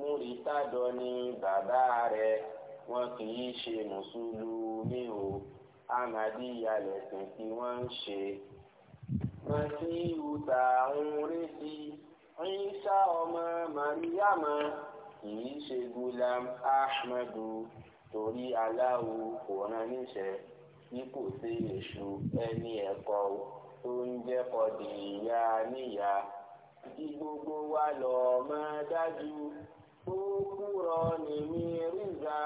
múrítàdọ ni bàbá rẹ̀ wọn kì í ṣe mùsùlùmí o amadi lẹ̀sìn tí wọ́n ń ṣe. wọ́n ti ìhùtà ń retí ìṣá ọmọ màríyàmọ́ kì í ṣe gulam ahmadu torí aláwo kò rán níṣẹ́ bí kò sí èṣù ẹni ẹ̀kọ́ tó ń jẹ́ kọ́dìyà níyà kí gbogbo wa lọ́ọ́ máa dájú kúrọ́ọ̀nì Mírízà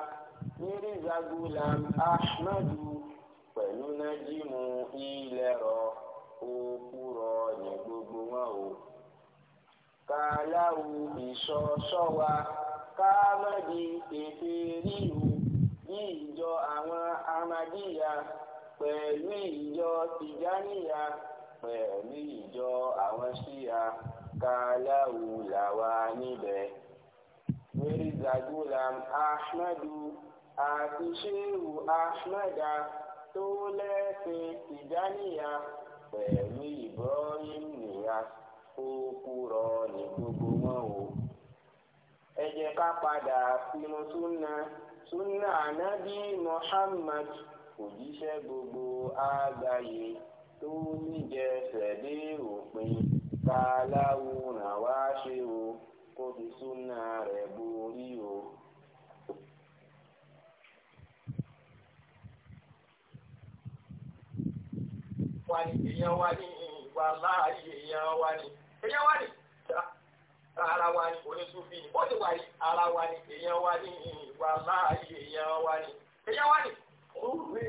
Mírízà Gulam Ahmadu pẹ̀lú nájímù ilẹ̀rọ ó kúrọ́ọ̀nì gbogbo wọn o. kàláwù ìṣọṣọ wa ka ètè ríru ní ìjọ àwọn amadíyà pẹ̀lú ìjọ tìjáníyà pẹ̀lú ìjọ àwọn làwa níbẹ̀. mirza gulam ahmadu àti shehu ahmada tó lẹ́sìn tìjáníyà pẹ̀lú ibrahim niyas ó kúrọ ní gbogbo wọn o. ẹ jẹ́ ká padà sínú súnà súnà ànábì muhammad òjíṣẹ́ gbogbo àgbáyé tó níjẹsẹ̀ dé òpin ká láwùrán wá ṣe o. kó fi súnà rẹ̀ borí o. wá ní èèyàn wá ní ìwà láàyè èèyàn wá ní èèyàn wá ní ara wa ní onísùfì ní bọ́ọ̀dì wà ara wa ní èèyàn wá ní ìwà láàyè èèyàn wá ní èèyàn wá ní. olùwé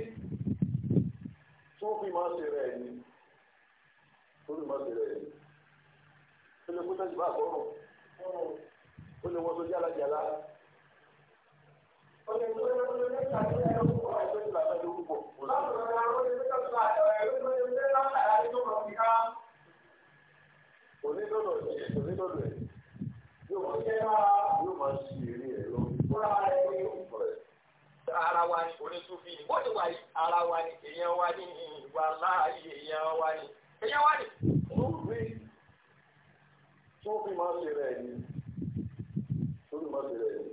tó máa ṣe rẹ̀ ni tó máa ṣe rẹ̀ ni ó ó lè wọ́n tó yára yàrá. ara wa ni onísùfì ni bó ti wà yìí ara wa ni èèyàn wa ni ìwà láàyè èèyàn wa ni èèyàn wa ni tó fi máa ṣe rẹ̀ ni tó fi máa ṣe rẹ̀ ni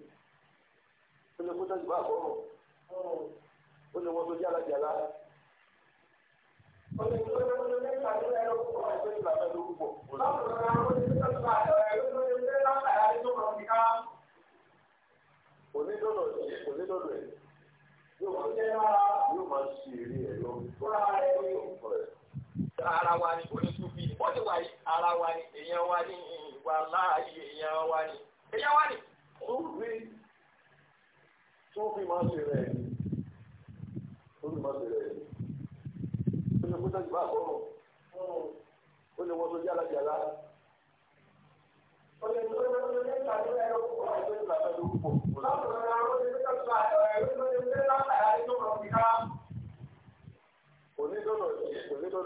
ó lè kó tẹ́jú bá kọ́ ó lè wọ́n tó jẹ́ alájàlá. ó lè tó lè wọ́n tó jẹ́ alájàlá lọ́kùnkùn ọ̀rọ̀ tó ti bàbá lókùnkùn. láwùjọ náà ó lè tó lè bàbá rẹ̀ ló lè lé lákàrà ẹ̀ yóò máa ṣe eré ẹ̀ lọ. ara wa ni oníṣ ó ti wà yìí ara wa ni èèyàn wa ni ìwà láàyè èèyàn wa ni èèyàn wa ni. ó rí tó fi máa ṣe rẹ̀ ó fi máa ṣe rẹ̀ ó lè kó sẹ́jú bá àkọ́rọ̀ ó lè wọ́n tó yára yàrá. ó lè tó lè tó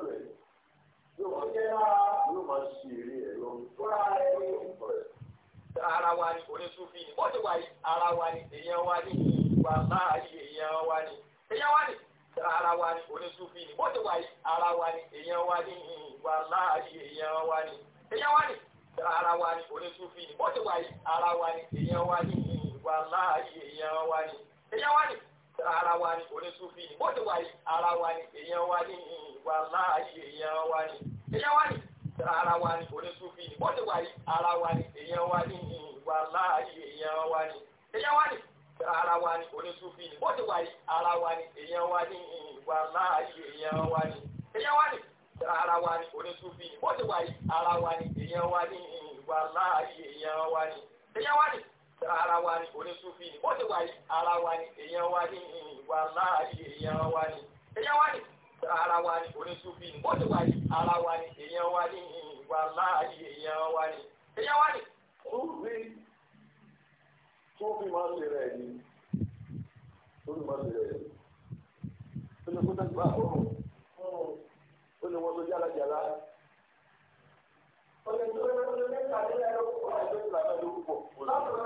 yóò máa ṣe eré ara wa ni onísùnfì ni wọ́n ti wà ara wa ni èèyàn wa ni ìwà láàyè èèyàn wa ni èèyàn wa ni ara wa ni onísùnfì ni wọ́n ti wà ara wa ni èèyàn wa ni ìwà láàyè èèyàn wa ni èèyàn wa ni ara wa ni onísùnfì ni wọ́n ti wà ara wa ni èèyàn wa ni ìwà láàyè èèyàn wa ni èèyàn wa ni ara wa ni onísúfì ni bó ti wà yìí ara wa ni èèyàn wa ni ìwà láàyè èèyàn wa ni èèyàn wa ni ara wa ni onísúfì ni bó ti wà yìí ara wa ni èèyàn wa ni ìwà láàyè èèyàn wa ni èèyàn wa ni ara wa ni onísúfì ni bó ti wà yìí ara wa ni èèyàn wa ni ìwà láàyè èèyàn wa ni èèyàn wa ni ara wa ni onísúfì ni bó ti wà yìí ara wa ni èèyàn wa ni ìwà láàyè èèyàn wa ni èèyàn wa ni ara wa ni onísúfì ni bó ti wà yìí ara wa ni èèyàn wa ni ìwà láàyè èèyàn wa ni èèyàn wa ni ara wa ni onísúfì ni bó ti wà yìí ara wa ni èèyàn wa ni ìwà láàyè èèyàn wa ni èèyàn wa ni. olùwé tó fi máa ń lè rẹ̀ ni tó máa ń lè rẹ̀ ni ó lè kó tẹ́jú àkókò ó lè wọ́n tó yára jàlá. ó lè tó lè tó lè mẹ́ta nílẹ̀ lóko ọ̀rọ̀ ìgbésùn àbẹ̀lẹ̀ lóko pọ̀.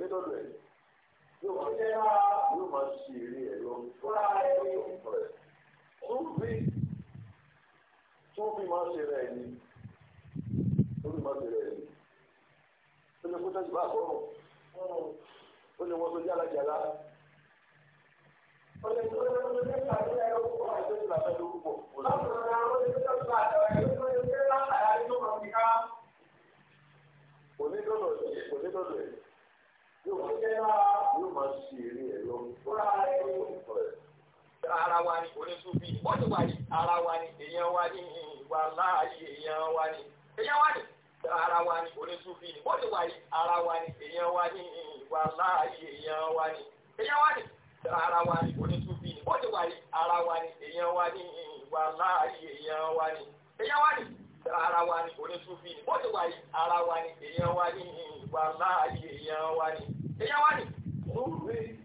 dé lọ́dọ̀ ẹ̀ yóò máa ṣe yóò máa ṣe eré ẹ̀ lọ fúnra ẹ̀ lọ́dọ̀ fún ẹ̀ túbí túbí máa ṣe rẹ̀ ni túbí máa ṣe rẹ̀ ni ó ní kó tẹ́sí bá àkọ́rọ̀ ó ní wọ́n tó jálá jálá. Olè tó lè lọ sí ìpàdé ẹ̀rọ púpọ̀ àti ìlànà ìlú púpọ̀. Lọ́sọ̀rọ̀ náà ó lè tó yóò ṣe náà yóò máa ṣe eré ẹ̀ lọ fúnra ẹ̀ ara wa ni oníṣubí wọ́n ti wà ní ara wa ni èèyàn wa ní ìwà láàyè èèyàn wa ní èèyàn wa ní ara wa ni oníṣubí ni wọ́n ti wà ní ara wa ni èèyàn wa ní ìwà láàyè èèyàn wa ní èèyàn wa ní ara wa ni oníṣubí ni wọ́n ti wà ní ara wa ni èèyàn wa ní ìwà láàyè èèyàn wa ní èèyàn wa ní ara wa ni onísúfì ni bó ti wà yìí ara wa ni èèyàn wa ni ìwà láàyè èèyàn wa ni èèyàn wa ni. lórí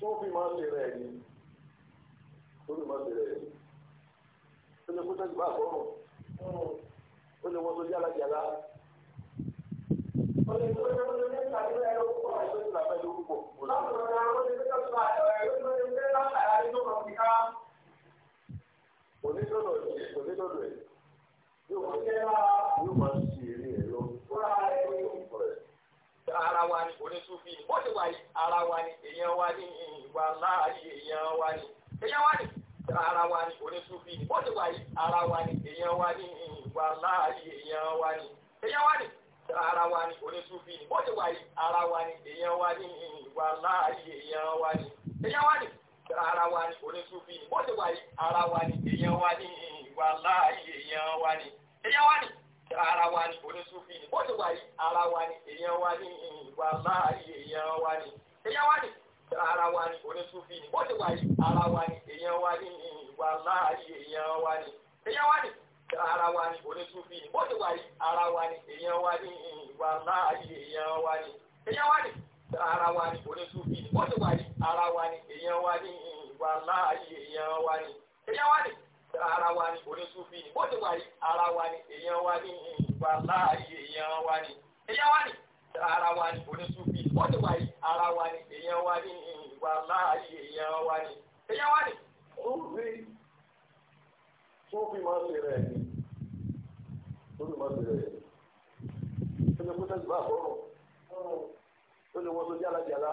tó máa ń lè rẹ̀ ni tó máa ń lè rẹ̀ ni ó lè kó sẹ́jú bá àkọ́kọ́ ó lè wọ́n tó yára yàrá. ó tó lè wọ́n tó ní ìtàgé ẹ̀rọ púpọ̀ ẹ̀rọ ìlànà ìlú púpọ̀. láti ọ̀rọ̀ àwọn olè tó tẹ̀sán àjọ lè tẹ̀lé látàrí àdéhùn ọ̀gbìn ká. onídọ̀dọ̀ yìí onídọ̀dọ̀ yóò máa ṣe eré ẹ lọ. ara wa ni onísùnfì ni wọ́n ti ara wa ni èèyàn wa ni ìwà láàyè èèyàn ara wa ni onísùnfì ni wọ́n ti ara wa ni èèyàn wa ni ìwà láàyè èèyàn ara wa ni onísùnfì ni wọ́n ti ara wa ni èèyàn wa ni ìwà láàyè èèyàn ara wa ni onísùnfì ni wọ́n ti ara wa ni èèyàn wa ni ìwà èèyàn wa ni èèyàn wá ní ara wa ní oníṣúfì ní bó ti wà yìí ara wa ní èèyàn wá ní ìwà láàyè èèyàn wá ní èèyàn wá ní ara wa ní oníṣúfì ní bó ti wà yìí ara wa ní èèyàn wá ní ìwà láàyè èèyàn wá ní èèyàn wá ní ara wa ní oníṣúfì ní bó ti wà yìí ara wa ní èèyàn wá ní ìwà láàyè èèyàn wá ní èèyàn wá ní ara wa ní oníṣúfì ní bó ti wà yìí ara wa ní èèyàn wá ní ìwà láàyè èèyàn wá ní èèyàn wá ní ara wa ni onísùnfì ni bó ti wà yìí ara wa ni èèyàn wa ni ìgbà láàyè èèyàn wa ni èèyàn wa ni ara wa ni onísùnfì ni bó ti wà yìí ara wa ni èèyàn wa ni ìgbà láàyè èèyàn wa ni èèyàn wa ni. ó rí sófin máa ń lè rẹ̀ ni sófin máa ń lè rẹ̀ ni ó lè kó tẹ̀síwá àbọ̀rọ̀ ó lè wọ́n tó jálajàla.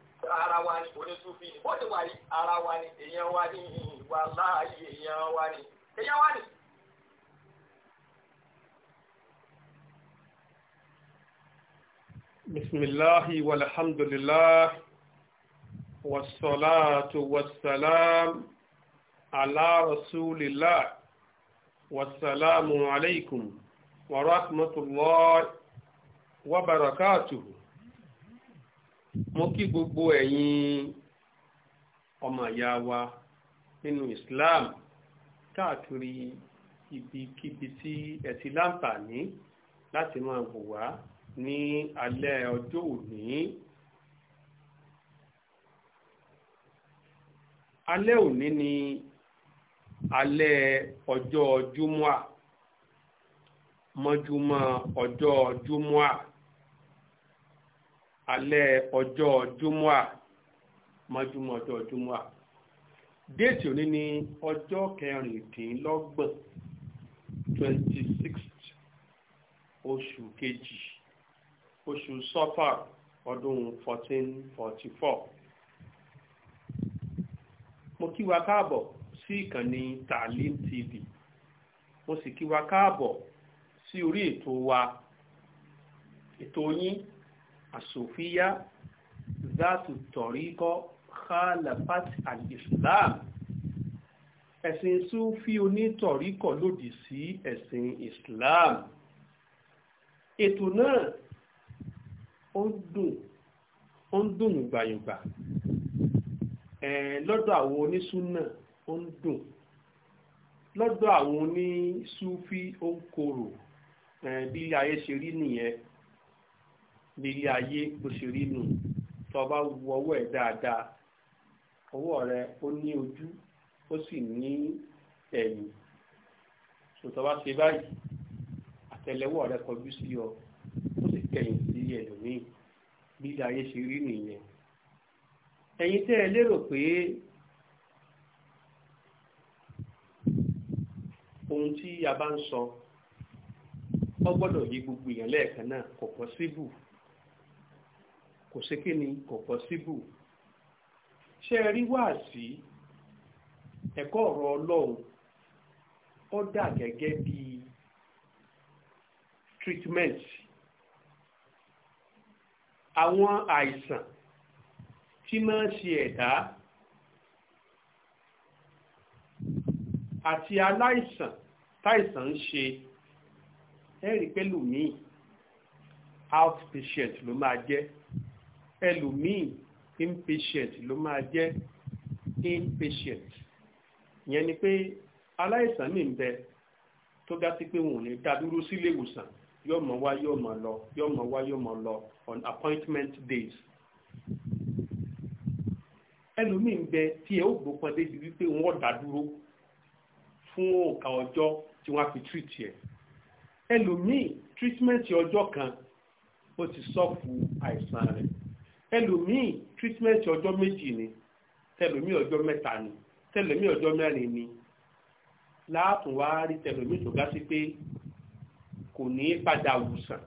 ara wa ni onísùfì ni bó ti wà yìí ara wa ni èèyàn wa ni ìwà láàyè èèyàn wa ni èèyàn wa ni. بسم الله والحمد لله والصلاة والسلام على رسول الله والسلام عليكم ورحمة الله وبركاته mo kí gbogbo ẹ̀yin ọmọ ìyá wa nínú Islam káàkiri ibikíbi tí ẹ ti láǹfààní láti máa wò wá ní alẹ́ ọjọ́ òní. alẹ́ òní ni alẹ́ ọjọ́ júmọ́à mọ́júmọ́ ọjọ́ júmọ́à alẹ́ ọjọ́ júmọ́à mọ́júmọ́ ọjọ́ júmọ́à déètì òní ni ọjọ́ kẹrìndínlọ́gbọ̀n twenty sixth oṣù kejì oṣù sọ́fà ọdún fourteen forty four mo kí wa káàbọ̀ sí ìkànnì talim TV mo sì kí wa káàbọ̀ sí orí ètò wa ètò yín àsòfíyá záàtù tọ̀ríkọ́ khalafat al-islam ẹ̀sìn súfí onítọ̀ríkọ̀ lòdì sí ẹ̀sìn islam ètò náà ó dùn ó ń dùn gbàyùgbà ẹ̀ lọ́dọ̀ àwọn onísúnà ó ń dùn lọ́dọ̀ àwọn onísúfí ó ń korò bí ayé ṣe rí nìyẹn nílé ayé bó ṣe rí nù tó o bá wu ọwọ́ ẹ̀ dáadáa ọwọ́ rẹ ó ní ojú ó sì ní ẹ̀yìn sòtọ́ bá ṣe báyìí àtẹ́lẹwọ́ rẹ kọjú sí ọ ó sì kẹ̀yìn sí ẹlòmíì bí ayé ṣe rí nìyẹn ẹ̀yin tẹ́ ẹ lérò pé ohun tí a bá ń sọ ọ gbọ́dọ̀ yí gbogbo èèyàn lẹ́ẹ̀kan náà kò pọ́síbù kò sí kí ni kò pọ́síbù ṣé ẹ rí wáàsí ẹ̀kọ́ ọ̀rọ̀ ọlọ́run ó dà gẹ́gẹ́ bí treatment àwọn àìsàn tí máa ń ṣe ẹ̀dá àti aláìsàn táìsàn ń ṣe ẹ̀rí pẹ̀lú míì outpatient ló máa jẹ́ ẹlòmíì impatient ló máa jẹ́ impatient ìyẹn ni pé aláìsàn mi ń bẹ tó ga sí pé wọn ò ní dá dúró sílé ìwòsàn yóò mọ wá yóò mọ lọ yóò mọ wá yóò mọ lọ on appointment days ẹlòmíì ń bẹ tí ẹ ó gbópọn débi wípé wọn dá dúró fún òǹkà ọjọ́ tí wọ́n á fi treat yẹ ẹlòmíì treatment ọjọ́ kan ó ti sọ́ọ̀fù àìsàn rẹ̀ ẹlòmíì treatment ọjọ́ méjì ni tẹlòmíì ọjọ́ mẹ́ta ni tẹlòmíì ọjọ́ mẹ́rin ni láàtún wá rí tẹlòmíì tó ga sí pé kò ní padà wùsàn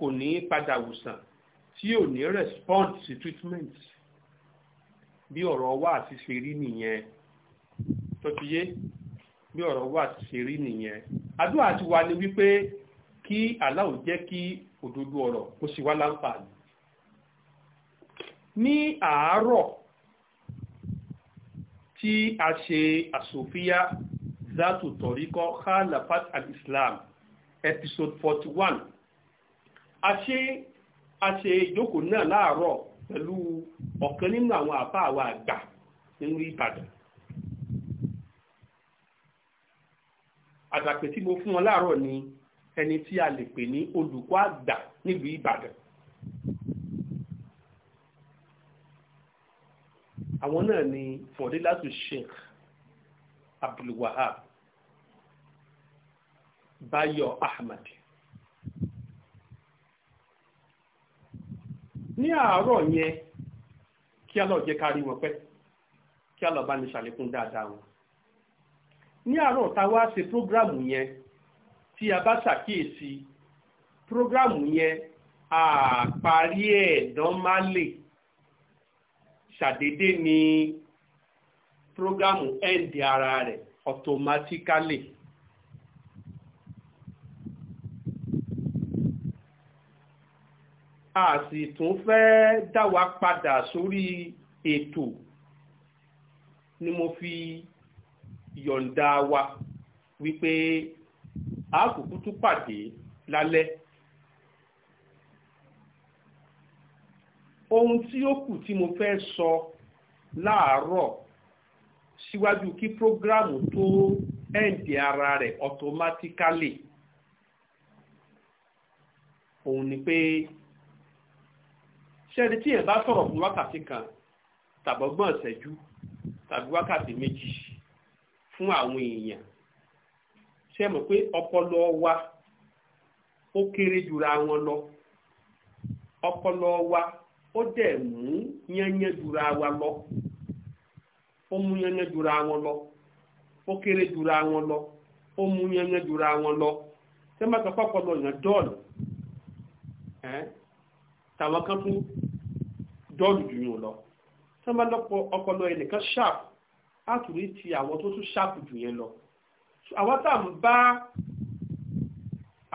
kò ní padà wùsàn tí ò ní respond sí treatment bí ọ̀rọ̀ wà àti ṣe rí nìyẹn tọ́tíyé bí ọ̀rọ̀ wà àti ṣe rí nìyẹn àdúrà ti wà ní wípé kí aláwọ̀ jẹ́ kí òdodo ọ̀rọ̀ kó sì wá láǹfààní ní àárọ̀ tí a ṣe àsòfíà zatu tọ̀ríkọ́ khalafat al-islam episode forty one a ṣe a ṣe ìjókòó náà láàárọ̀ pẹ̀lú ọ̀kan nínú àwọn àbá àwa àgbà nínú ìbàdàn àgbàpè tí mo fún wọn láàárọ̀ ni ẹni tí a lè pè ní olùkọ́ àgbà nílùú ìbàdàn àwọn náà ni fọdílátù sheikh abdulwahab bayo ahmed ní àárọ̀ yẹn kí á lọ jẹ́ ká rí wọn pẹ́ kí á lọ bá ní ṣàlékún dáadáa wọn ní àárọ̀ tá a wá ṣe prógráàmù yẹn tí a bá ṣàkíyèsí prógráàmù yẹn àparí ẹ̀ dánmálè ṣàdédé ni prógámù end ara rẹ̀ automatically. a sì tún fẹ́ dá wa padà sórí ètò ni mo fi yọ̀ǹda wa wípé a kúkú tún pàdé lálẹ́. ohun tí ó kù tí mo fẹ́ sọ láàárọ̀ síwájú kí prógrámù tó ẹ̀ǹdì ara rẹ̀ automatically òun ni pé ṣẹ́ni tí ẹ̀ bá sọ̀rọ̀ fún wákàtí kan tàbọ̀gbọ́n ìṣẹ́jú tàbí wákàtí méjì fún àwọn èèyàn ṣe mọ̀ pé ọpọlọ wa ó kéré jura wọn lọ ọpọlọ wa ó dẹ̀ mú yányán jura wa lọ ó mú yányán jura wọn lọ ó kéré jura wọn lọ ó mú yányán jura wọn lọ sẹ́mọ́tò pọ̀pọ̀ lọ yàn dọ́ọ̀lù tàwọn kan tún dọ́ọ̀lù jù yàn lọ sẹ́mọ́tò ọpọlọ ẹnìkan ṣáàpù á tún rí ti àwọn tó tún ṣáàpù jù yẹn lọ àwọn tá à ń bá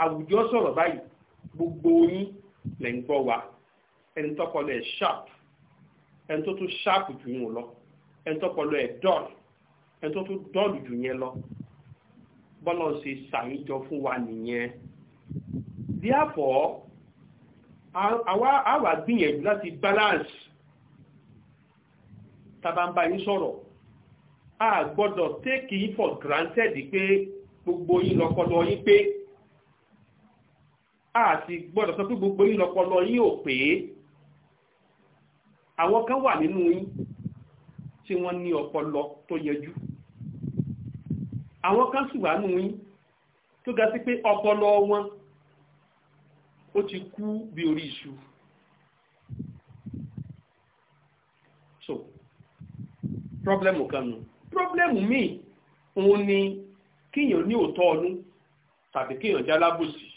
àwùjọ sọ̀rọ̀ báyìí gbogbo yín lẹ́ ń gbọ́ wa ẹni tọpọlọ ẹ̀ sharp ẹni tó tún sharp jù yín lọ ẹni tọpọlọ ẹ̀ dull ẹni tó tún dull jù yẹn lọ bọ́lá ṣe ṣàyíjọ fún wa nìyẹn therefore àwa gbìyànjú láti balance tabamba yín sọ̀rọ̀ a gbọ́dọ̀ take it for granted pé gbogbo yín lọ́pọlọ yín pé a sì gbọ́dọ̀ sọ pé gbogbo yín lọ́pọlọ yín ò pé àwọn kan wà nínú yín tí wọ́n ní ọpọlọ tó yẹjú àwọn kan sì wà nínú yín tó ga sí pé ọpọlọ wọn ó ti kú bí orí iṣu so pọ́blẹ́mù kan nù pọ́blẹ́mù míì òun ni kíyàn ní òótọ́ ọdún tàbí kíyàn jẹ́ alábòsí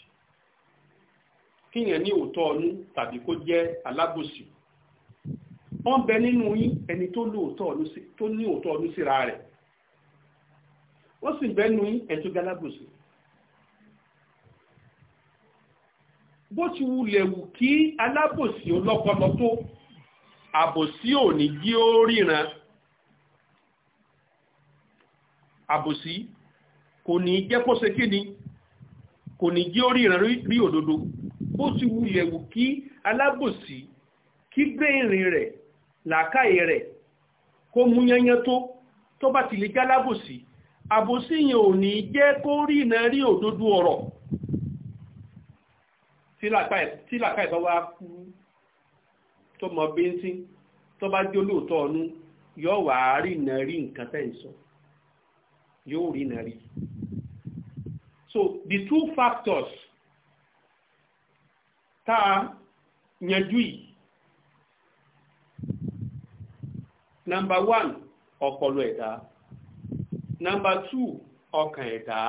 kíyàn ní òótọ́ ọdún tàbí kó jẹ́ alábòsí wọ́n bẹ nínú yín ẹni tó ní òótọ́ ọdún síra rẹ̀ wọ́n sì bẹ nínú yín ẹni tó galábòsí bó ti wulẹ̀ wù kí alábòsí ọlọ́pọlọ tó àbòsí ò ní jí ó ríran àbòsí kò ní jẹ́ kó ṣe kí ni kò ní jí ó ríran rí òdodo bó ti wulẹ̀ wù kí alábòsí kí gbé ìrìn rẹ̀ làákàyè rẹ̀ kó mú yányán tó tó bá ti lè jálábòsí àbòsí yẹn ò ní jẹ́ kó rí iná rí òdodo ọ̀rọ̀ tí làákàyè bá wá kú tó mọ bíntín tó bá jó lóòótọ́ ọ̀nú yóò wà rí iná rí nǹkan tẹ́ ń sọ yóò rí iná rí. So the two factors tá a yanjú yìí Number one ọpọlọ ẹ̀dá Number two ọkàn ẹ̀dá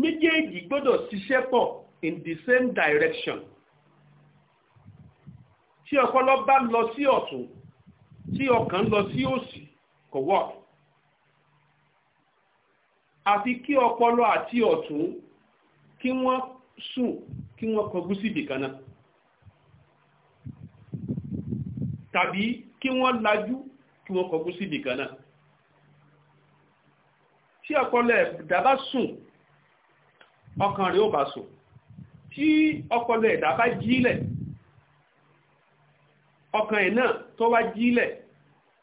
méjèèjì gbọ́dọ̀ ṣiṣẹ́ pọ̀ in the same direction tí ọpọlọ bá lọ sí ọ̀tún tí ọkàn lọ sí òsì kò wọ́ àfi kí ọpọlọ àti ọ̀tún kí wọ́n sùn kí wọ́n kọjú síbì náà tàbí kí wọ́n lajú kí wọ́n kọgbú sí nìkan náà tí ọpọlọ ẹ̀dá bá sùn ọkàn rẹ̀ ó bá sùn tí ọpọlọ ẹ̀dá bá jílẹ̀ ọkàn ẹ̀ náà tó wá jílẹ̀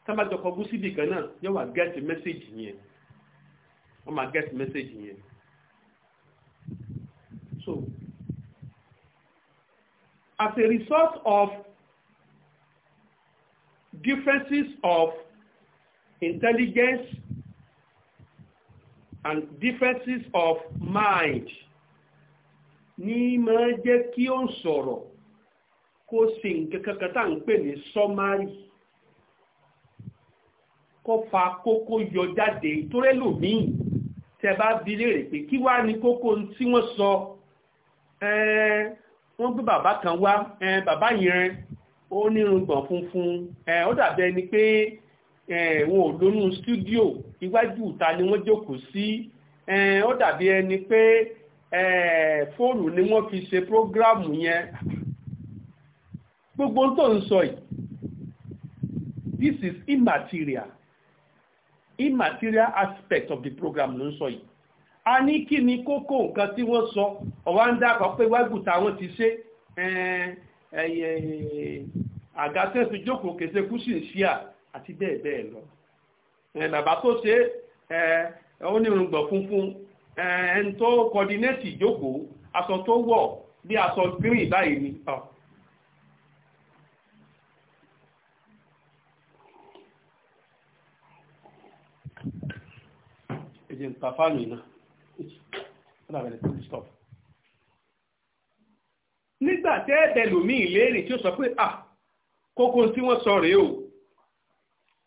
tábàjọ kọgbú sí nìkan náà yóò wá get message yẹn wọ́n máa get message yẹn so as a result of differences of intelligence and differences of mind ní máa jẹ́ kí ó ń sọ̀rọ̀ kó sì nǹkan kankan tá à ń pè ní sọ́márì kó fa kókó yọ jáde torí lòmíì tẹ bá bi léèrè pé kí wá ní kókó tí wọ́n sọ wọ́n gbé bàbá kan wá bàbá yẹn ó nírùngbọ̀n funfun ó dàbí ẹni pé wọn ò stúdíò iwájú ìta ni wọ́n jókòó sí ó dàbí ẹni pé fóònù ni wọ́n fi ṣe prógráàmù yẹn gbogbo tó ń sọ yìí this is immaterial immaterial aspect of the program ló ń sọ yìí a ní kí ni kókó nǹkan tí wọ́n sọ ọ̀wá ń dákọ̀ pé wáìbù táwọn ti ṣe àga tẹ́sí jókòó kèsè kùsì ṣíà àti bẹ́ẹ̀ bẹ́ẹ̀ lọ. bàbá tó ṣe onírùngbọ̀n funfun ẹni tó kọ́dínétì jókòó aṣọ tó wọ̀ bí aṣọ green báyìí ni. ẹ̀jẹ̀ ń ta fáànù iná ó dàbẹ̀rẹ̀ tó ti stop nígbà tẹ́ẹ̀dẹ̀ lòmí ìlérìn tí ó sọ pé à kókó tí wọ́n sọ rèé o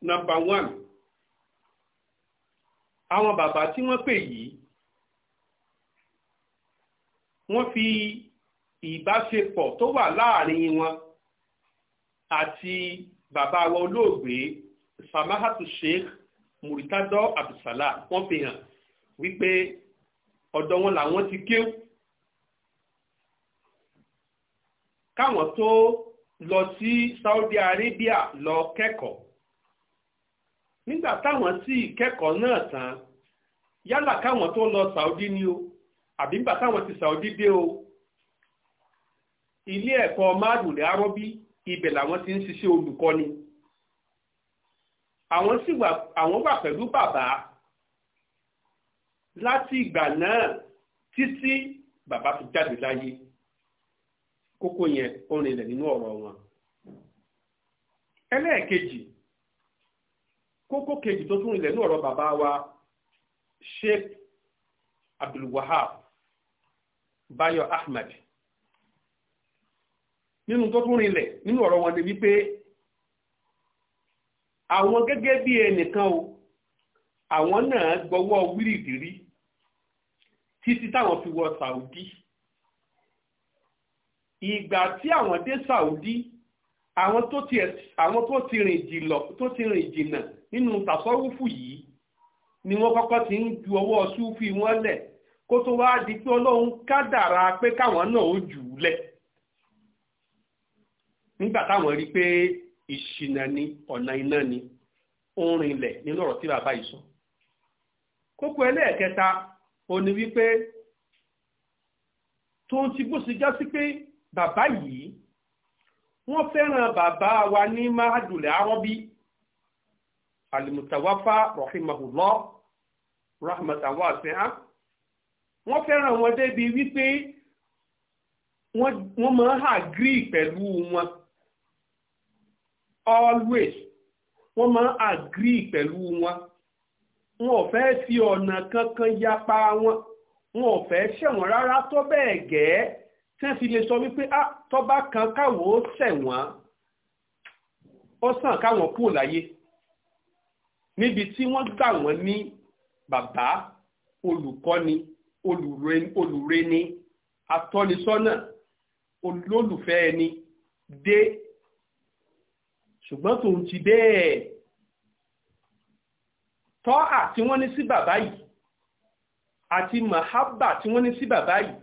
nọ́mbà one àwọn bàbá tí wọ́n pè yìí wọ́n fi ìbáṣepọ̀ tó wà láàrin wọn àti bàbá wa olóògbé samahatu sheikh muritadọ abdulsalam wọ́n fi hàn wípé ọ̀dọ̀ wọn làwọn ti kéwù káwọn tó lọ sí Saudi Arabia lọ kẹ́kọ̀ọ́ nígbà táwọn sì kẹ́kọ̀ọ́ náà tán yálà káwọn tó lọ Saudi ni o àbí nígbà táwọn ti Saudi dé o ilé ẹ̀kọ́ márùnlé arọ́bí ibẹ̀ làwọn ti ń ṣiṣẹ́ olùkọ́ni àwọn sì wà àwọn wà pẹ̀lú bàbá láti ìgbà náà títí bàbá fi jáde láyé. kókó yẹn ó rinlẹ̀ nínú ọ̀rọ̀ wọn. ẹlẹ́ẹ̀kejì kókó kejì tó tún rinlẹ̀ nínú ọ̀rọ̀ bàbá wa Sheikh Abdulwahab Bayo Ahmed nínú tó tún rinlẹ̀ nínú ọ̀rọ̀ wọn ni wípé àwọn gẹ́gẹ́ bí ẹnìkan o àwọn náà gbọ́wọ́ wírìdì rí títí táwọn fi wọ Saudi. ìgbà tí àwọn dé Saudi àwọn tó ti àwọn tó ti rìn jìlọ tó ti rìn jìnnà nínú tàṣọ́wúfù yìí ni wọ́n kọ́kọ́ ti ń ju ọwọ́ súfì wọn lẹ̀ kó tó wá di pé ọlọ́run kádàrá pé káwọn náà ó jù ú lẹ̀ nígbà táwọn rí pé ìṣìnà ni ọ̀nà iná ni ó ń rinlẹ̀ nínú ọ̀rọ̀ tí bàbá yìí sọ kókó ẹlẹ́ẹ̀kẹta ó wípé tó ń ti bó ṣe já sí pé bàbá yìí wọ́n fẹ́ràn bàbá wa ní mahadul arọ́bí alimutawafa rahimahullah rahmatan wasi'a wọ́n fẹ́ràn wọn débi wípé wọ́n máa ń agree pẹ̀lú wọn always wọ́n máa ń agree pẹ̀lú wọn wọn ò fẹ́ fi ọ̀nà kankan yapa wọn wọn ò fẹ́ ṣẹ̀wọ̀n rárá tó bẹ́ẹ̀ gẹ́ẹ́ tẹ́sí lè sọ wípé ah, tọ́ba kan káwọn ó ṣẹ̀wọ̀n ó sàn káwọn kúrò láyé níbi tí wọ́n gbà wọ́n ní bàbá olùkọ́ni olùreni atọ́nisọ́nà olólùfẹ́ ẹni dé ṣùgbọ́n tòun ti bẹ́ẹ̀ tọ́ àti wọ́n ní sí bàbá yìí àti màhábà tí wọ́n ní sí bàbá yìí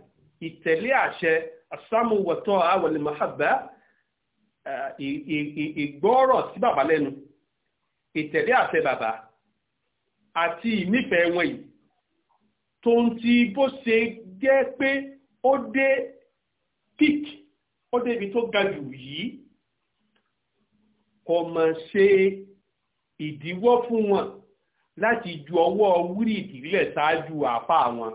ìtẹ̀lé àṣẹ asámúwọ̀tọ́ àwọlé mahabba ìgbọ́rọ̀ sí bàbá lẹ́nu ìtẹ̀lé àṣẹ bàbá àti ìnífẹ̀ẹ́ wọn yìí tó ń ti bó ṣe jẹ́ pé ó dé pík ó débi tó ga jù yìí kò mọ̀ ṣe ìdíwọ́ fún wọn láti ju ọwọ́ wúrì ìdílé ṣáájú àpá wọn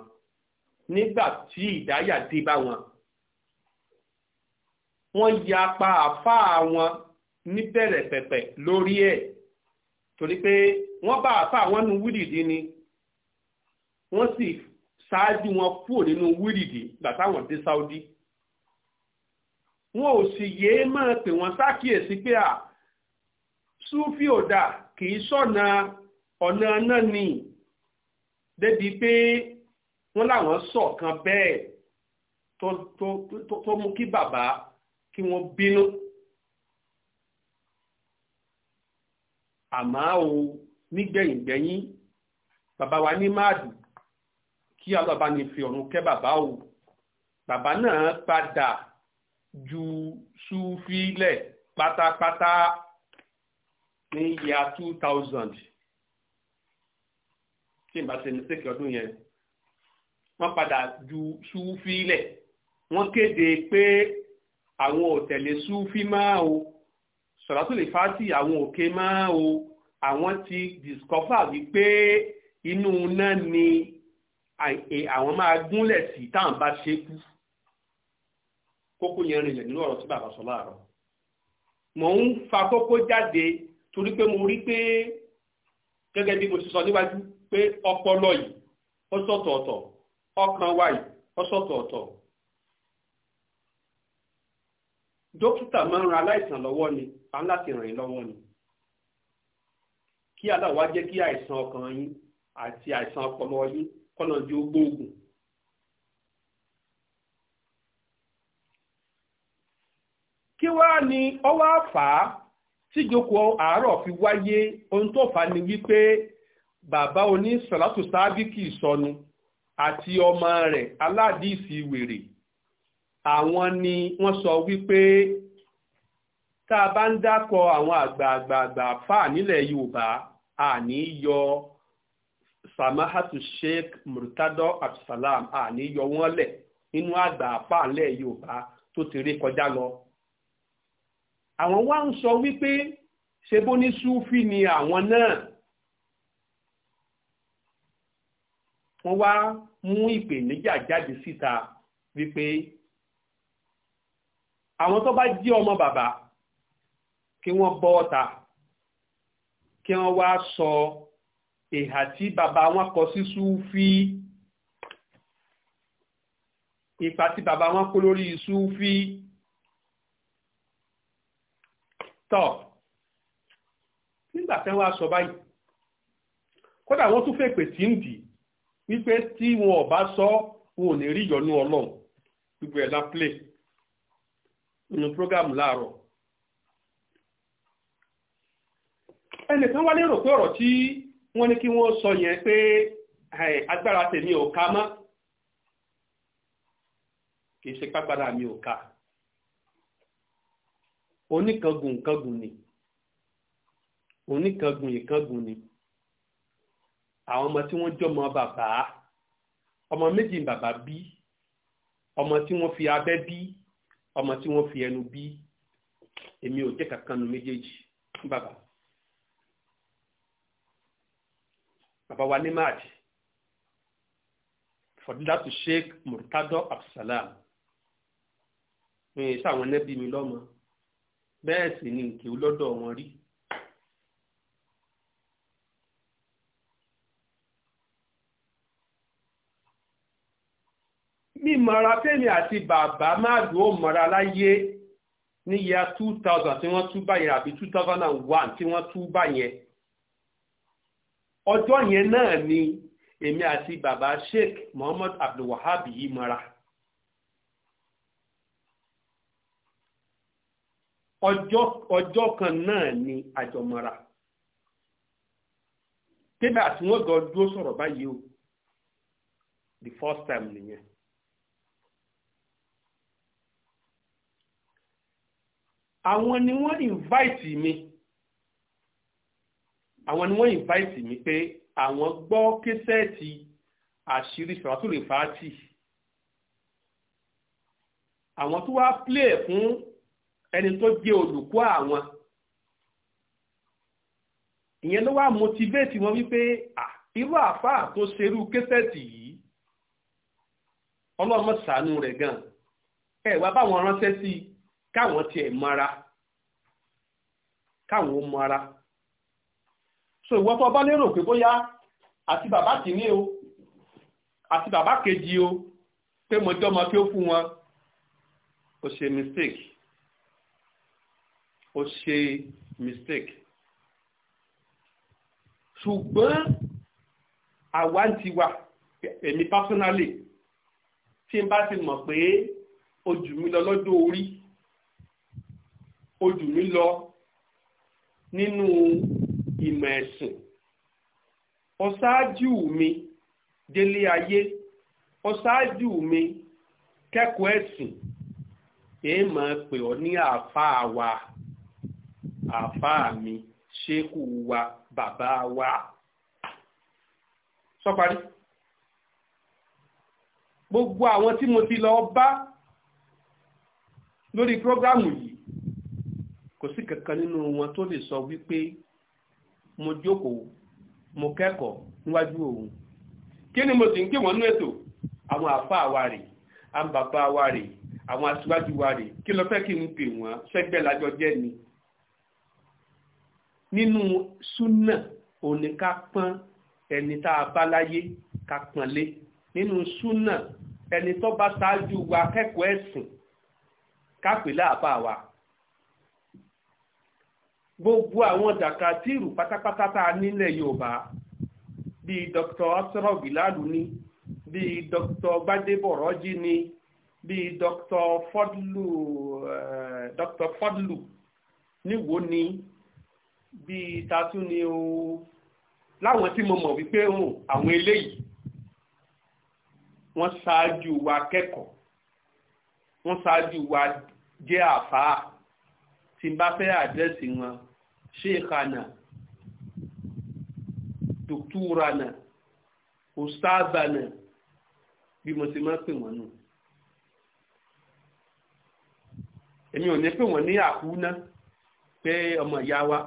nígbà tí ìdáyà dé bá wọn wọ́n yapa àfáà wọn níbẹ̀rẹ̀ pẹ̀pẹ̀ lórí ẹ̀ torí pé wọ́n bá àfáà wọn nu wídìdí ni wọ́n sì ṣáájú wọn kúrò nínú wídìdí gbàtàwọn dé Saudi wọn ò sì yéé máa pè wọ́n sákìyèsí pé à súfì ò dà kì í sọ̀nà ọ̀nà náà ni débi pé wọ́n láwọn sọ̀kan bẹ́ẹ̀ tó tó tó mú kí bàbá kí wọ́n bínú. àmọ́ o nígbẹ̀yìngbẹ̀yìn bàbá wa ní máàdù kí alábàá ní fi ọ̀run kẹ́ bàbá o bàbá náà padà ju súfílẹ̀ pátápátá ní yíya two thousand tí n bá ṣe ní sèkè ọdún yẹn wọ́n padà ju súfì lẹ̀ wọ́n kéde pé àwọn ò tẹ̀lé súfì máa o sọ̀rọ̀tò lè fásì àwọn òkè máa o àwọn ti discover wípé inú iná ni àwọn máa gúnlẹ̀ sí táwọn bá ṣe kókó yẹn rìnlẹ̀ nínú ọ̀rọ̀ tí bàbá sọ láàárọ̀ mò ń fa kókó jáde torí pé mo rí pé gẹ́gẹ́ bí mo ti sọ níwájú pé ọpọlọ yìí ó sọ̀tọ̀ọ̀tọ̀ ọkàn wa yìí ọ̀sọ̀tọ̀ọ̀tọ̀ dókítà máa ń ran aláìsàn lọ́wọ́ ni a ń láti ràn lọ́wọ́ ni kí aláwa jẹ́ kí àìsàn ọkàn yín àti àìsàn ọpọlọ yín kọ́nà di ogbóògùn kí wá ni ọwọ́ àfà tíjókòó àárọ̀ fi wáyé ohun tó fà ni wípé bàbá oní sàlátù sábìkì sọnù. So àti ọmọ rẹ̀ aládìsí wèrè àwọn ni wọ́n sọ wípé tá a bá ń dákọ àwọn àgbààgbààgbà fà nílẹ̀ Yorùbá àní yọ samahatu Sheikh Murtado Abdulsalam àní yọ wọ́n lẹ̀ nínú àgbà fà nílẹ̀ Yorùbá tó ti rí kọjá lọ àwọn wá ń sọ wípé ṣebó ní súfì ni àwọn náà wọ́n wá mú ìpèníjà jáde síta wípé àwọn tó bá jí ọmọ bàbá kí wọ́n bọ́ ọ̀tà kí wọ́n wá sọ ìhà tí bàbá wọn kọ sí súfí ipa tí bàbá wọn kó lórí súfí tọ́ nígbà tí wọ́n wá sọ báyìí kódà wọ́n tún fèpè tí ń dì í wípé tí wọn ò bá sọ wọn ò ní rí ìyọnu ọlọ́run gbogbo ẹ̀ lápẹ́lẹ̀ nínú prógámù láàárọ̀. ẹnìkan wá lérò pé ọ̀rọ̀ tí wọ́n ní kí wọ́n sọ yẹn pé agbára tèmi ò ká mọ́ kì í ṣe pápára mi ò ká oníkangun kangun ni oníkangun ìkangun ni àwọn ọmọ tí wọ́n jọmọ bàbá ọmọ méjì bàbá bí ọmọ tí wọ́n fi abẹ́ bí ọmọ tí wọ́n fi ẹnu bí èmi ò jẹ́ kankan nu méjèèjì bàbá. bàbá wa ní máàjì fọdúdàtú sheikh murtado abdulsalam mi ì sáwọn ẹnẹbí mi lọ́mọ bẹ́ẹ̀ sì ni nkèwú lọ́dọ̀ wọn rí. Mi mímọ̀ra fẹ́mi àti bàbá máàlù ó mọ̀ra láyé ní ya 2000 tí wọ́n tú báyẹn àbí 2001 tí wọ́n tú báyẹn ọjọ́ yẹn náà ni èmi àti bàbá Sheikh Muhammad Abdulwahab yìí mara. ọjọ́ ọjọ́ kan náà ni àjọmọ̀ra tẹ́lẹ̀ àti wọ́n gan dúró sọ̀rọ̀ báyìí o the first time nìyẹn. àwọn ni wọ́n invite mi àwọn ni wọ́n invite mi pé àwọn gbọ́ késẹ́ẹ̀tì àṣírí sọ̀rọ̀tòlè fàátì àwọn tó wá play fún ẹni tó jẹ́ olùkọ́ àwọn ìyẹn ló wá motivate wọn wípé irú àfáà tó ṣerú késẹ́ẹ̀tì yìí ọlọ́mọ ṣàánú rẹ̀ gan ẹ̀ wá báwọn ránṣẹ́ sí i káwọn tiẹ̀ mara káwọn ó mara so ìwọ tó bá lérò pé bóyá àti bàbá kìíní o àti bàbá kejì o pé mo jọ́ ọmọ kí ó fún wọn ó ṣe mistake ó ṣe mistake ṣùgbọ́n àwa ń ti wà èmi personally tí n bá ti mọ̀ pé ó jù mí lọ lọ́jọ́ orí ó jù mí lọ nínú ìmọ̀ ẹ̀sìn ọ̀ṣáájú mi délé ayé ọ̀ṣáájú mi kẹ́kọ̀ọ́ ẹ̀sìn èé máa pè ọ́ ní àáfàá wa àáfàá mi ṣékù wa bàbá wa sọ parí gbogbo àwọn tí mo ti lọ bá lórí prógrámù yìí kò sí kankan nínú wọn tó lè sọ wípé mo jókòó mo kẹ́kọ̀ọ́ níwájú òun kí ni mo sì ń kí wọn nú ètò àwọn àfáà wa rèé àwọn bàbá wa rèé àwọn aṣíwájú wa rèé kí ló fẹ́ kí n pè wọ́n sẹ́gbẹ́ lájọ jẹ́ ni nínú súnà òní ká pọ́n ẹni tá a bá láyé ká pọ́n lé nínú súnà ẹni tó bá ṣáájú wa kẹ́kọ̀ọ́ ẹ̀sìn ká pè láàbá wa gbogbo àwọn dàkàtìrù pátápátá tá a nílẹ̀ yorùbá bíi dr asra bilalu ni bíi dr gbadebo rọjí ni bíi dr fọdlu eh, dr fọdlu níwo ni bíi tatu ni o láwọn tí mo mọ̀ wípé àwọn eléyìí wọ́n ṣáájú wa kẹ́kọ̀ọ́ wọ́n ṣáájú wa jẹ́ àfáà tí n bá fẹ́ àdírẹ́sì wọn ṣéèkánà dòkítúránà òṣàbànà bí mo ti máa pè wọ́n nù. èmi ò ní pè wọ́n ní àkúná pé ọmọ ìyá wa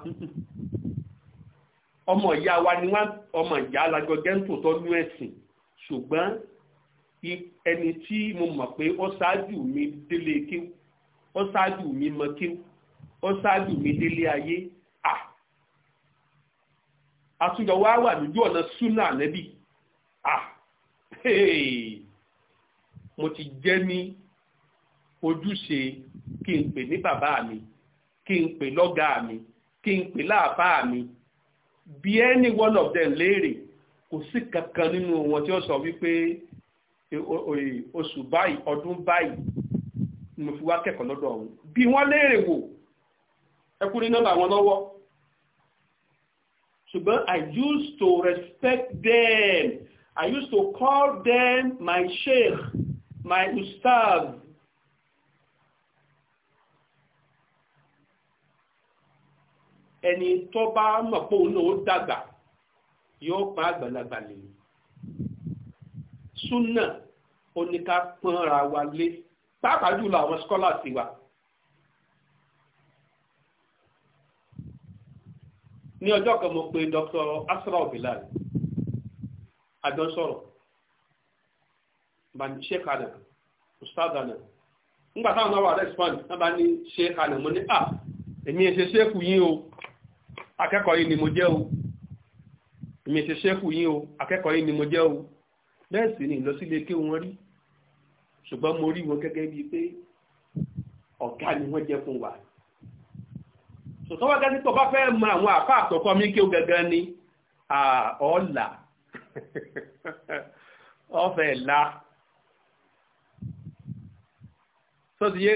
ọmọ ìyá wa ni wọ́n ọmọ ìyá alájọ gẹ́ǹtò tọ́nú ẹ̀sìn ṣùgbọ́n ẹni tí mo mọ̀ pé ó ṣáájú mi délé kí ó ṣáájú mi mọ kí ó ó ṣáájú mi délé ayé à àtúnjọ wá wà lójú ọ̀nà súnà ànẹ́bì à mo ti jẹ́ ní ojúṣe kí n pè ní bàbá mi kí n pè lọ́gàá mi kí n pè láàfáà mi bí any one of them léèrè kò sí kankan nínú wọn tí ó sọ wípé oṣù báyìí ọdún báyìí ni mo fi wá kẹ́kọ̀ọ́ lọ́dọ̀ ọ̀hún bí wọ́n léèrè wò ẹkú ní nọ́mbà wọn lọ́wọ́ ṣùgbọ́n I used to respect them I used to call them my sheikh my ustaz ẹni tó bá mọ̀ pé òun náà dàgbà yóò pa àgbàlagbà lè súnà oníkà pọ́nra wa lé pàápàá jùlọ àwọn scholars wa. ní ọjọ́ kan mo pe Dr. Asra Bilal àjọsọ̀rọ̀ bani sheikh adam ustaz adam nígbà táwọn náà wà respond náà bá ní sheikh mo ní à èmi ẹ̀ ṣe sheikh yín o akẹ́kọ̀ọ́ yìí ni mo jẹ́ o èmi ẹ̀ ṣe sheikh yín o akẹ́kọ̀ọ́ yìí ni mo jẹ́ o bẹ́ẹ̀ sì ni ìlọsílẹ̀ kí wọ́n rí ṣùgbọ́n mo rí wọn gẹ́gẹ́ bíi pé ọ̀gá ni wọ́n jẹ́ fún wa sọ̀tọ́ wá gẹ́gẹ́ tó bá fẹ́ mọ àwọn àpá àtọ̀kọ́ mi kí ó gẹ́gẹ́ ní ọ̀la ọ̀fẹ́ la sọ́díyé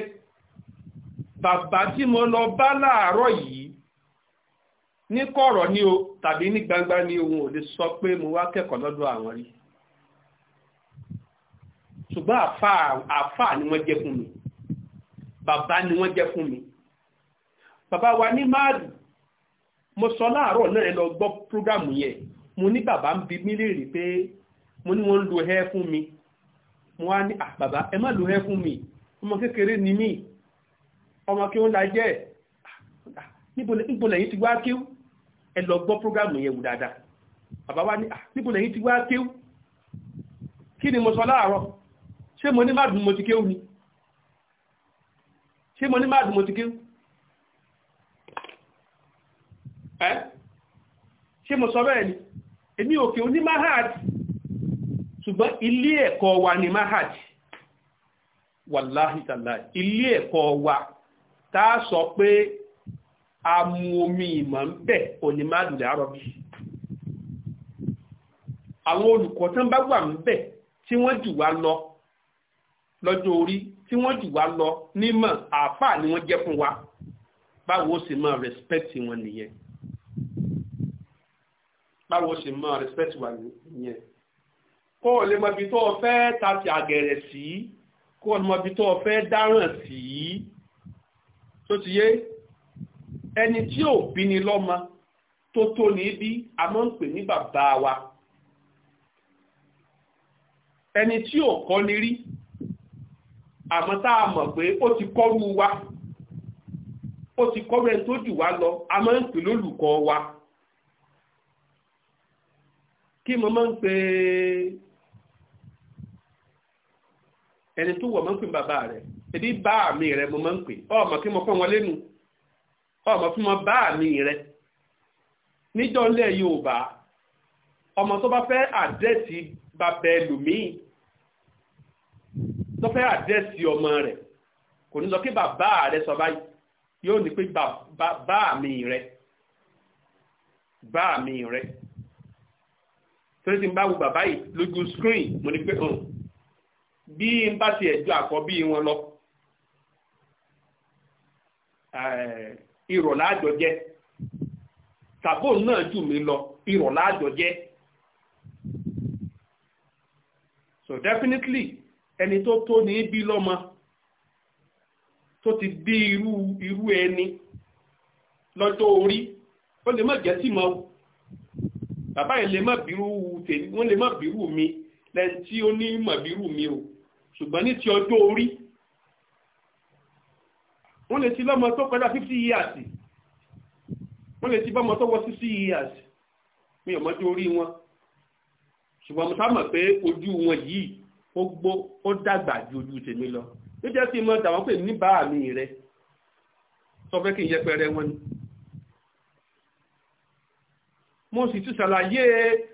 bàbá tí mo lọ bá láàárọ̀ yìí ní kọ̀rọ̀ ni o tàbí ní gbangba ni òun ò lè sọ pé mo wá kẹ́kọ̀ọ́ lọ́dọ̀ àwọn rí ṣùgbọ́n àfáà ni wọ́n jẹ́ fún mi bàbá ni wọ́n jẹ́ fún mi bàbá wa ní máàlì mo sọ láàárọ̀ náà ẹ lọ gbọ́ prógámù yẹn mo ní bàbá ń bi mí léèrè pé mo ní wọ́n ń lo ẹ fún mi mo wá ní bàbá ẹ má lo ẹ fún mi ọmọ kékeré ni mí ọmọ kí wọ́n la jẹ́ níbo lẹ́yìn ti wá kéwú ẹ lọ gbọ́ prógámù yẹn wù dáadáa bàbá wa ní níbo lẹ́yìn ti wá kéwú kí ni mo sọ láàárọ̀ ṣé mo ní máàlì mo ti kéwú ni ṣé mo ní máàlì mo ti kéwú ẹ́ ṣé mo sọ bẹ́ẹ̀ ni èmi òkè oní mahad ṣùgbọ́n ilé ẹkọ wa ni mahad wàláhì tàlá ilé ẹkọ wa tá a sọ pé a mu omi ìmọ̀ ń bẹ̀ òní máàlùlẹ̀ àrọ́bí àwọn olùkọ́ tán bá wà ń bẹ̀ tí wọ́n jù wá lọ lọ́jọ́ orí tí wọ́n jù wá lọ nímọ̀ àáfàá ni wọ́n jẹ́ fún wa báwo sì máa rẹ̀spẹ́tì wọn nìyẹn báwo ṣe máa respect wà nìyẹn kó o lè mọ ibi tó o fẹ́ ta ti àgẹ̀rẹ̀ sí kó o lè mọ ibi tó o fẹ́ dáràn sí tó ti yé ẹni tí ò bí ni lọ́mọ tó tó ní a máa ń pè ní bàbá wa ẹni tí ò kọ́ ni rí àmọ́ tá a mọ̀ pé ó ti kọ́rú wa ó ti kọ́rú ẹni tó jù wá lọ a máa ń pè lólùkọ́ wa kí mo máa ń pè ẹni tó wọ̀ máa ń pè bàbá rẹ̀ ẹbí bá mi rẹ̀ mo máa ń pè ọmọ kí mo pọ́n wọn lẹ́nu ọmọ fún mo bá mi rẹ̀ níjọ́ ilẹ̀ Yorùbá ọmọ tó bá fẹ́ àdẹ́sì bàbá ẹlòmíì tó fẹ́ àdẹ́sì ọmọ rẹ̀ kò ní lọ kí bàbá rẹ̀ sọ báyìí yóò ní pé bàbá mi rẹ̀ bá mi rẹ̀ tó ti ń bá wo bàbá yìí lójú screen mo ní pé hàn bí n bá ti ẹ̀jọ́ àkọ́bí wọn lọ eh, ìrọ̀lá àjọjẹ́ tàbó náà jù mí lọ ìrọ̀lá àjọjẹ́ so definitely ẹni tó tó ní bí lọ́mọ tó ti bí irú irú ẹni lọ́jọ́ orí ó lè má jẹ́ sí mọ́ bàbá yìí lè má bírú tèmi wọ́n lè má bírú mi lẹ́yìn tí ó ní mọ̀ bírú mi o ṣùgbọ́n ní ti ọjọ́ orí wọ́n lè ti lọ́mọ tó kọjá fifty years wọ́n lè ti bọ́mọ tó wọ sixty years mi ò mọ́jú orí wọn ṣùgbọ́n mo sábà pé ojú wọn yìí ó gbó ó dàgbà ju ojú tèmi lọ níjẹ́ sí mo dàwọn pé níbàá mi rẹ sọ fẹ́ kí n yẹpẹrẹ wọn ni mo sì ti ṣàlàyé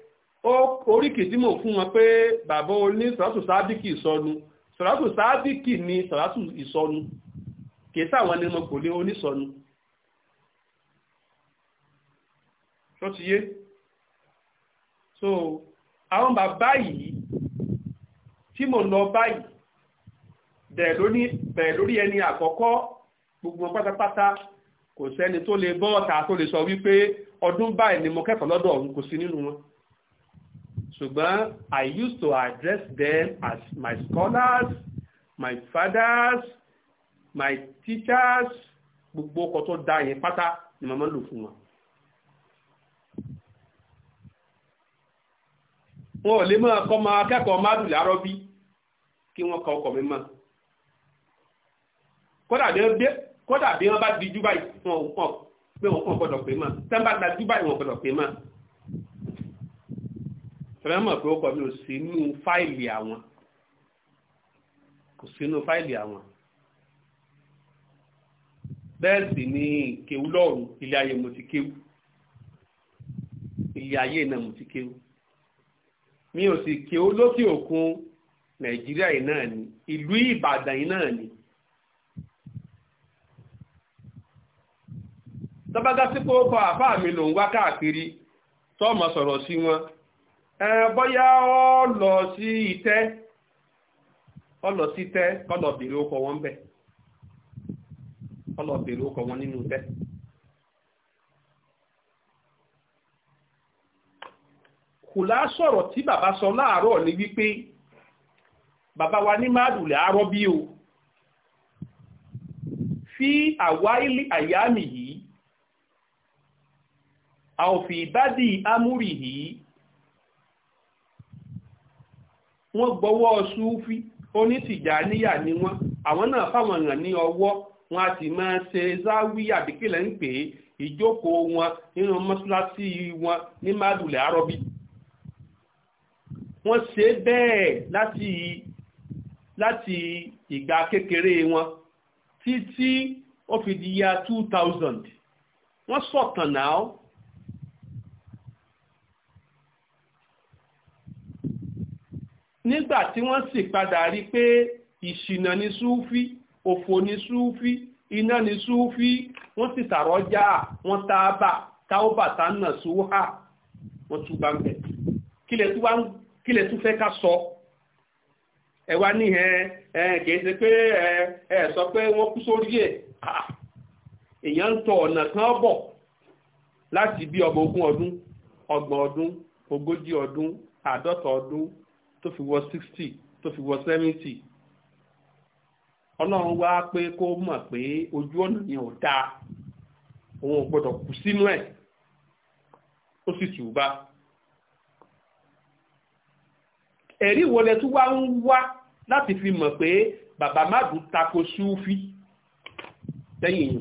oríkì tí mo fún wọn pé bàbá oní sàrátù sábìkì ìsọnu sàrátù sábìkì ni sàrátù ìsọnu kì í sáwọn ẹni mo kò lé onísọnu tó ti yé so àwọn bàbá yìí tí mo lọ báyìí bẹ̀rẹ̀ lórí ẹni àkọ́kọ́ gbogbo pátápátá kò sẹ́ni tó lè bọ́ ọ̀tà tó lè sọ wípé ọdún báyìí ni mo kẹ́kọ̀ọ́ lọ́dọ̀ òun kò sí nínú wọn ṣùgbọ́n I used to address them as my scholars my fathers my teachers gbogbo ọkọ̀ tó da yẹn pátá ni màmá lò fún wọn. wọn ò lè máa kọ́ máa kẹ́kọ̀ọ́ mádùn lárọ́ bí kí wọ́n kọ ọkọ̀ mi mọ́ kódà bí wọ́n bá dijú báyìí wọn ò pọ̀ pé wọn kàn gbọ́dọ̀ pé mọ́ tẹ́ bá gba dubai wọn gbọ́dọ̀ pé mọ́ tẹ́lẹ̀ mọ̀ pé ó kọ́ mi ò sínú fáìlì àwọn kò sínú fáìlì àwọn bẹ́ẹ̀ sì ni kéwú lọ́rùn ilé ayé mo ti kéwú ilé ayé náà mo ti kéwú mi ò sì kéwú lókè òkun nàìjíríà yìí náà ni ìlú ìbàdàn yìí náà ni bá dásípò kọ afọ mi ló ń wá káàkiri tọ́ọ̀mọ sọ̀rọ̀ wọn ẹ ọ lọ si ìtẹ́ ọ lọ sí tẹ́ kọ́lọ̀ bèrè ó wọn wọn sọ láàárọ̀ ni wípé bàbá wa ní máàdùlẹ̀ o fi a ìbádì amúrì yìí wọ́n gbọ́wọ́ súfí onítìjàníyà ni wọ́n àwọn náà fáwọn èèyàn ní ọwọ́ wọn a ma máa ṣe záwí àbíkílẹ̀ ń pè é wọn nínú n'i wọn ní mádùlẹ̀ àrọ́bí lati igba kekere titi fi 2000 nígbà tí wọ́n sì padà rí pé ìṣìnà ni súfí òfò ni súfí iná ni súfí wọ́n sì tàrọ́jà wọ́n tábà táwọ́bà tánà súhà wọ́n tún bá ń bẹ̀. kílẹ̀ tún fẹ́ ká sọ ẹ wá ní ẹ ẹ kìí ṣe pé ẹ ẹ sọ pé wọ́n kú sórí ẹ̀ èèyàn ń tọ ọ̀nà kan bọ̀ láti bí ọmọ ogún ọdún ọgbọ̀n ọdún ogójì ọdún àádọ́ta ọdún tó fi wọ sixty tó fi wọ seventy ọlọ́run wá pé kó mọ̀ pé ojú ọ̀nà yẹn ò dáa òun ò gbọ́dọ̀ kú sínú ẹ̀ ó sì tù ú bá ẹ̀rí wo lẹ tún wá ń wá láti fi mọ̀ pé bàbá mádùn tako súfì lẹ́yìn yìí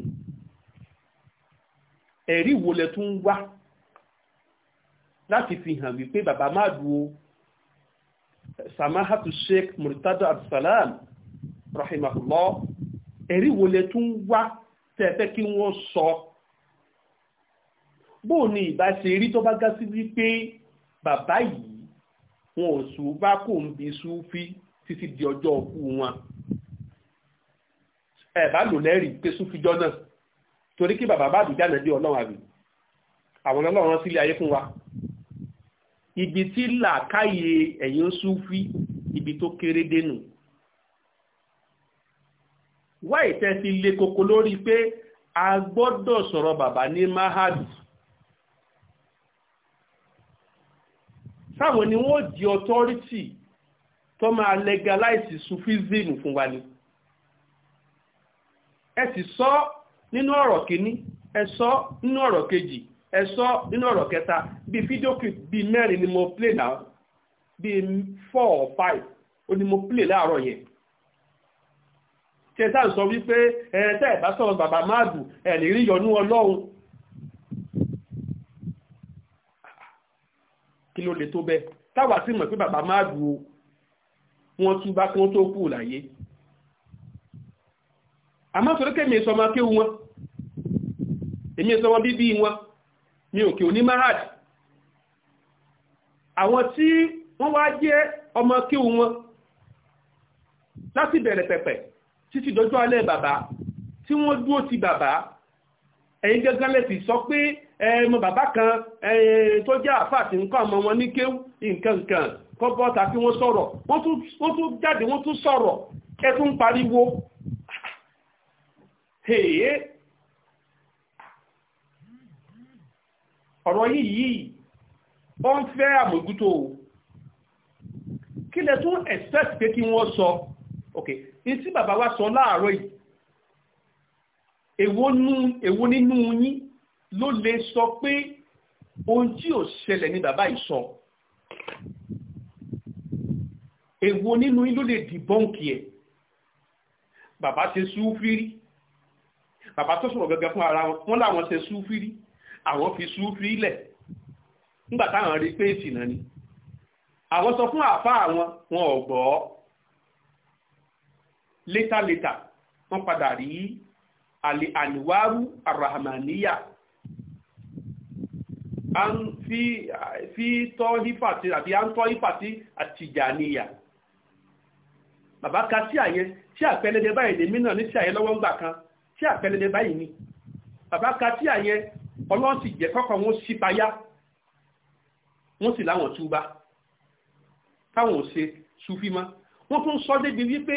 ẹ̀rí wo lẹ tún wá láti fi hàn wípé bàbá mádùn o samahatu sheikh murtada abdulsalam rahimahullah ẹ̀rí wo lẹ tún wá tẹ́ẹ̀fẹ́ kí wọ́n sọ bó ni ìbá ṣe rí tó bá gá sí wípé bàbá yìí wọn ò sùn bá kò ń bi súfí títí di ọjọ́ ọkú wọn ẹ̀ bá lò lẹ́rìí pé súfí jọ náà torí kí bàbá bá dùn jáde dé ọlọ́run àbí àwọn ọlọ́run sílé ayé fún wa ibi tí làákàyè ẹ̀yin fi ibi tó kéré dénú wáyé tẹ́ ti le koko lórí pé a gbọ́dọ̀ sọ̀rọ̀ bàbá ní mahad sáwọn ni wọ́n di authority tó máa legalize sufism fún wa ni ẹ sì sọ nínú ọ̀rọ̀ kìíní ẹ sọ nínú ọ̀rọ̀ kejì ẹ sọ nínú ọ̀rọ̀ kẹta bíi fídíò clip bíi mẹ́rin ni mo play now bíi four or five ó ní mo play láàárọ̀ yẹn tẹ́tà sọ wípé ẹ̀ẹ́tẹ́ ìbá sọ̀rọ̀ bàbá máàdù ẹ̀lì rí yọnú ọlọ́run kí ló lè tó bẹ́ táwa sì mọ̀ pé bàbá máàdù o wọ́n tún bá kí wọ́n tó kú láyé àmọ́ sọ lókè mi sọmọ akéwu wọn èmi sọmọ bíbí wọn ní òkè onímáhàd àwọn tí wọ́n wá jẹ́ ọmọ kíwù wọn láti bẹ̀rẹ̀ pẹ̀pẹ̀ títí dọjọ́ alẹ́ bàbá tí wọ́n dúró ti bàbá ẹ̀yin gẹ́gẹ́ lẹ́sì sọ pé ẹmọ bàbá kan tó jẹ́ àfà tí nǹkan ọmọ wọn ní kéwù nǹkankan kọ́bọ́ta kí wọ́n sọ̀rọ̀ wọ́n tún jáde wọ́n tún sọ̀rọ̀ ẹ tún pariwo ọ̀rọ̀ yìí yìí ó ń fẹ́ àmójútó o kí lẹ tún expect pé kí wọ́n sọ ok ní tí bàbá wa sọ láàárọ̀ yìí èwo nínú yín ló lè sọ pé ohun tí ò ṣẹlẹ̀ ni bàbá yìí sọ èwo nínú yín ló lè dìbọ́ǹkì ẹ̀ bàbá ṣe súfírí bàbá tó sọ̀rọ̀ gẹ́gẹ́ fún ara wọn láwọn ṣe súfírí àwọn fi súfì lẹ̀ nígbà rí pé ìsìnà ni àwọn sọ fún àfá àwọn wọn ò gbọ́ wọ́n padà rí àlè àníwárú àràhàmàníyà fi àtìjàníyà bàbá ka sí àyẹ tí àpẹẹlẹdẹ báyìí lèmi náà ní sí àyẹ lọ́wọ́ ń gbà ka sí àyẹ ọlọ́run sì jẹ́ kọ́kọ́ wọn sípayá wọ́n sì láwọn túbá táwọn ò ṣe sufi mọ́ wọ́n tún sọ débi wípé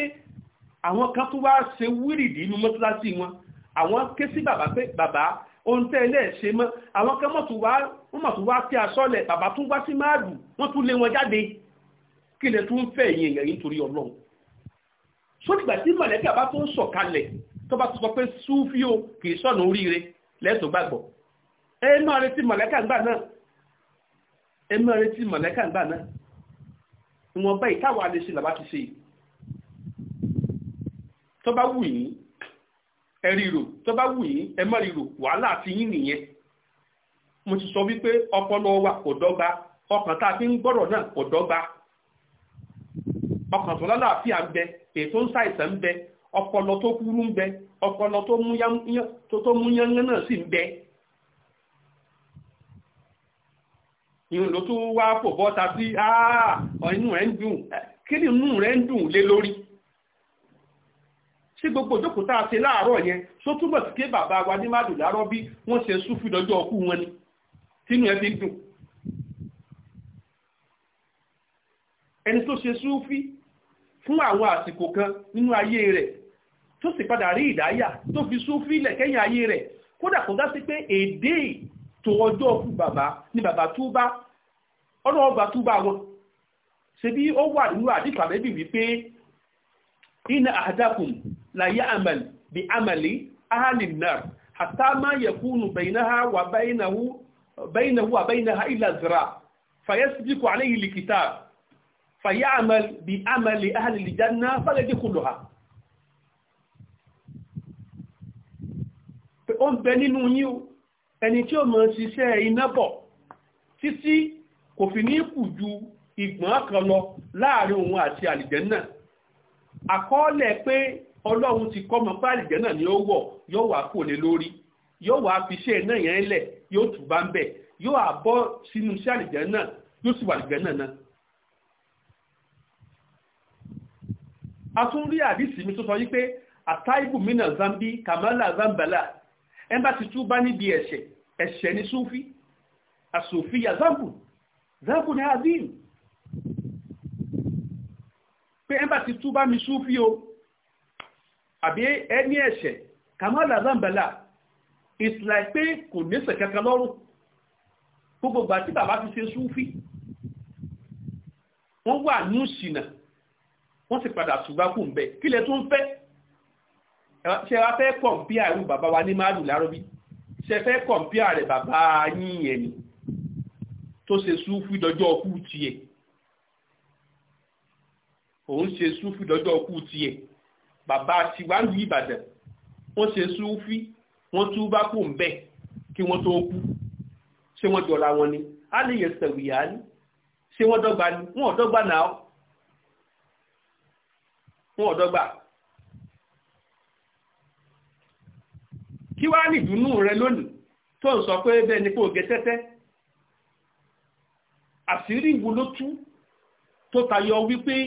àwọn kan tó wá ṣe wírìdì inú mọ́tíláṣí wọn àwọn ké sí bàbá pé bàbá ohun tẹ́ ilé ṣe mọ́ àwọn kan mọ̀ tó wá wọ́n mọ̀ tó wá tí aṣọ́lẹ̀ bàbá tún wá sí máàlù wọ́n tún lé wọn jáde kí lè tún fẹ́ yìn èèyàn nítorí ọlọ́run sódìgbà tí mọ̀lẹ́bí àbá tó ń sọ̀kalẹ̀ tó bá tó sọ pé súfíò kì í sọ̀nà oríire lẹ́tọ̀ọ́ gbàgbọ́ ẹ máa retí mọ̀lẹ́kà ńgbà náà ẹ máa retí mọ̀lẹ́kà ńgbà náà ìwọ̀nba ìtawà lè ṣe làbá ti ṣe tó bá wù yín ẹ ríro tó bá wù yín ẹ má ríro wàhálà àti yín nìyẹn mo ti sọ wípé ọpọlọ wa kò dọ́gba ọkàn tá a fi ń gbọ́rọ̀ náà kò dọ́gba ọkàn tó lálàáfíà ń bẹ ètò ń ṣàìsàn ń bẹ ọpọlọ tó kúrú ń bẹ ọpọlọ tó mú yánná náà sì ń bẹ. ìrùn ló tún wá pò bọ́ta sí inú rẹ̀ ń dùn kí ni inú rẹ̀ ń dùn lé lórí ṣé gbogbo ìjókòó tá a ṣe láàárọ̀ yẹn ṣó túbọ̀ sí ké bàbá wa ní mádùn lárọ́ bí wọ́n ṣe sún fún ìdọ́jọ́ ọkú wọn ni tínú ẹ fi ń dùn ẹni tó ṣe súnfí fún àwọn àsìkò kan nínú ayé rẹ̀ tó sì padà rí ìdáyà tó fi súnfí lẹ̀kẹ́yìn ayé rẹ̀ kódà kò dá sí pé èdè tó ọjọ́ òkú bàbá ni bàbá túbá ọlọ́wọ́ bá túbá wọn ṣe bí ó wà nínú àdìkà bẹ́bí wípé iná àdákùn láyé àmàlì bí àmàlì ahàlìn náà àtà máa yẹkùnù bẹ̀yìnáhà wà bẹ̀yìnáhà ilà zira fàyẹ́sìdìkù àlẹ́ yìí lìkìtà fàyàmàl bí ó ẹni tí ó mọ̀ ṣiṣẹ́ iná bọ̀ títí kò fi ní kù ju ìgbọ̀n kan lọ láàrin òun àti àlìjẹ́nà àkọọ́lẹ̀ pé ọlọ́run ti kọ́mọ pé àlìjẹ́nà ni ó wọ̀ yóò wá kò lé lórí yóò wá fi iṣẹ́ iná yẹn lẹ̀ yóò tù bá ń bẹ̀ yóò àbọ̀ sínú iṣẹ́ àlìjẹ́nà yóò sì wà àlìjẹ́nà náà. a tún rí àdìsí mi tó sọ yí pé àtàìbù mí zambi kàmálà zambala ẹnbá ti túbá níbi ẹ̀ṣẹ̀ ẹ̀ṣẹ̀ ní súnfí àsòfíyà zambu zambu ní azim pé ẹnbá ti túbá mi súnfí o àbí ẹni ẹ̀ṣẹ̀ kamala zambala it's like pé kò nẹ́ṣẹ̀ kankan lọ́rùn gbogbo ìgbà tí bàbá fi ṣe súnfí wọ́n wà ní òṣìnà wọ́n sì padà ṣùgbà kù ń bẹ kílẹ̀ tó ń fẹ́ ṣe wá fẹ́ kọ̀m̀píà irú bàbá wa ní máàlù lárọ́bí ṣe fẹ́ kọ̀m̀píà rẹ̀ bàbá yín ẹ̀yìn tó ṣe súfù dọjọ́ ọkú tiẹ̀ òun ṣe súfù dọjọ́ ọkú tiẹ̀ bàbá tiwáńdù ìbàdàn wọ́n ṣe súfì wọ́n tú bá kù ń bẹ̀ kí wọ́n tó kú ṣé wọ́n jọra wọn ni a lè yẹ sẹ̀wìyà ni ṣé wọ́n dọ́gba ni wọ́n ò náà wọ́n ò kí wá nìdùnnú rẹ lónìí tó ń sọ pé bẹ́ẹ̀ ni kò gé tẹ́tẹ́ àṣírí ìwo ló tú tó tayọ wípé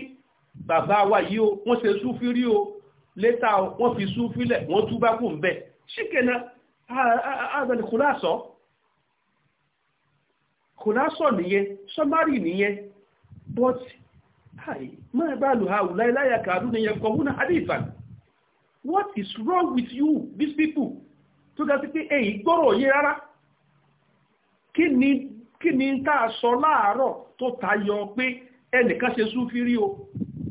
bàbá wa yìí o wọ́n ṣe súfírí o létà wọ́n fi súfílẹ̀ wọ́n tú bá kù ń bẹ̀ ṣíkẹ́nà àbẹ̀lẹ̀ kò láṣọ kò láṣọ nìyẹn sọmárì nìyẹn but Hi, ma balu haula la yakaduna yafqahuna hadithan. What is wrong with you, these people? tó ga sí pé èyí gbọ́rọ̀ yé rárá kí ni kí tá a sọ láàárọ̀ tó tayọ pé ẹnìkan ṣe súnfí rí o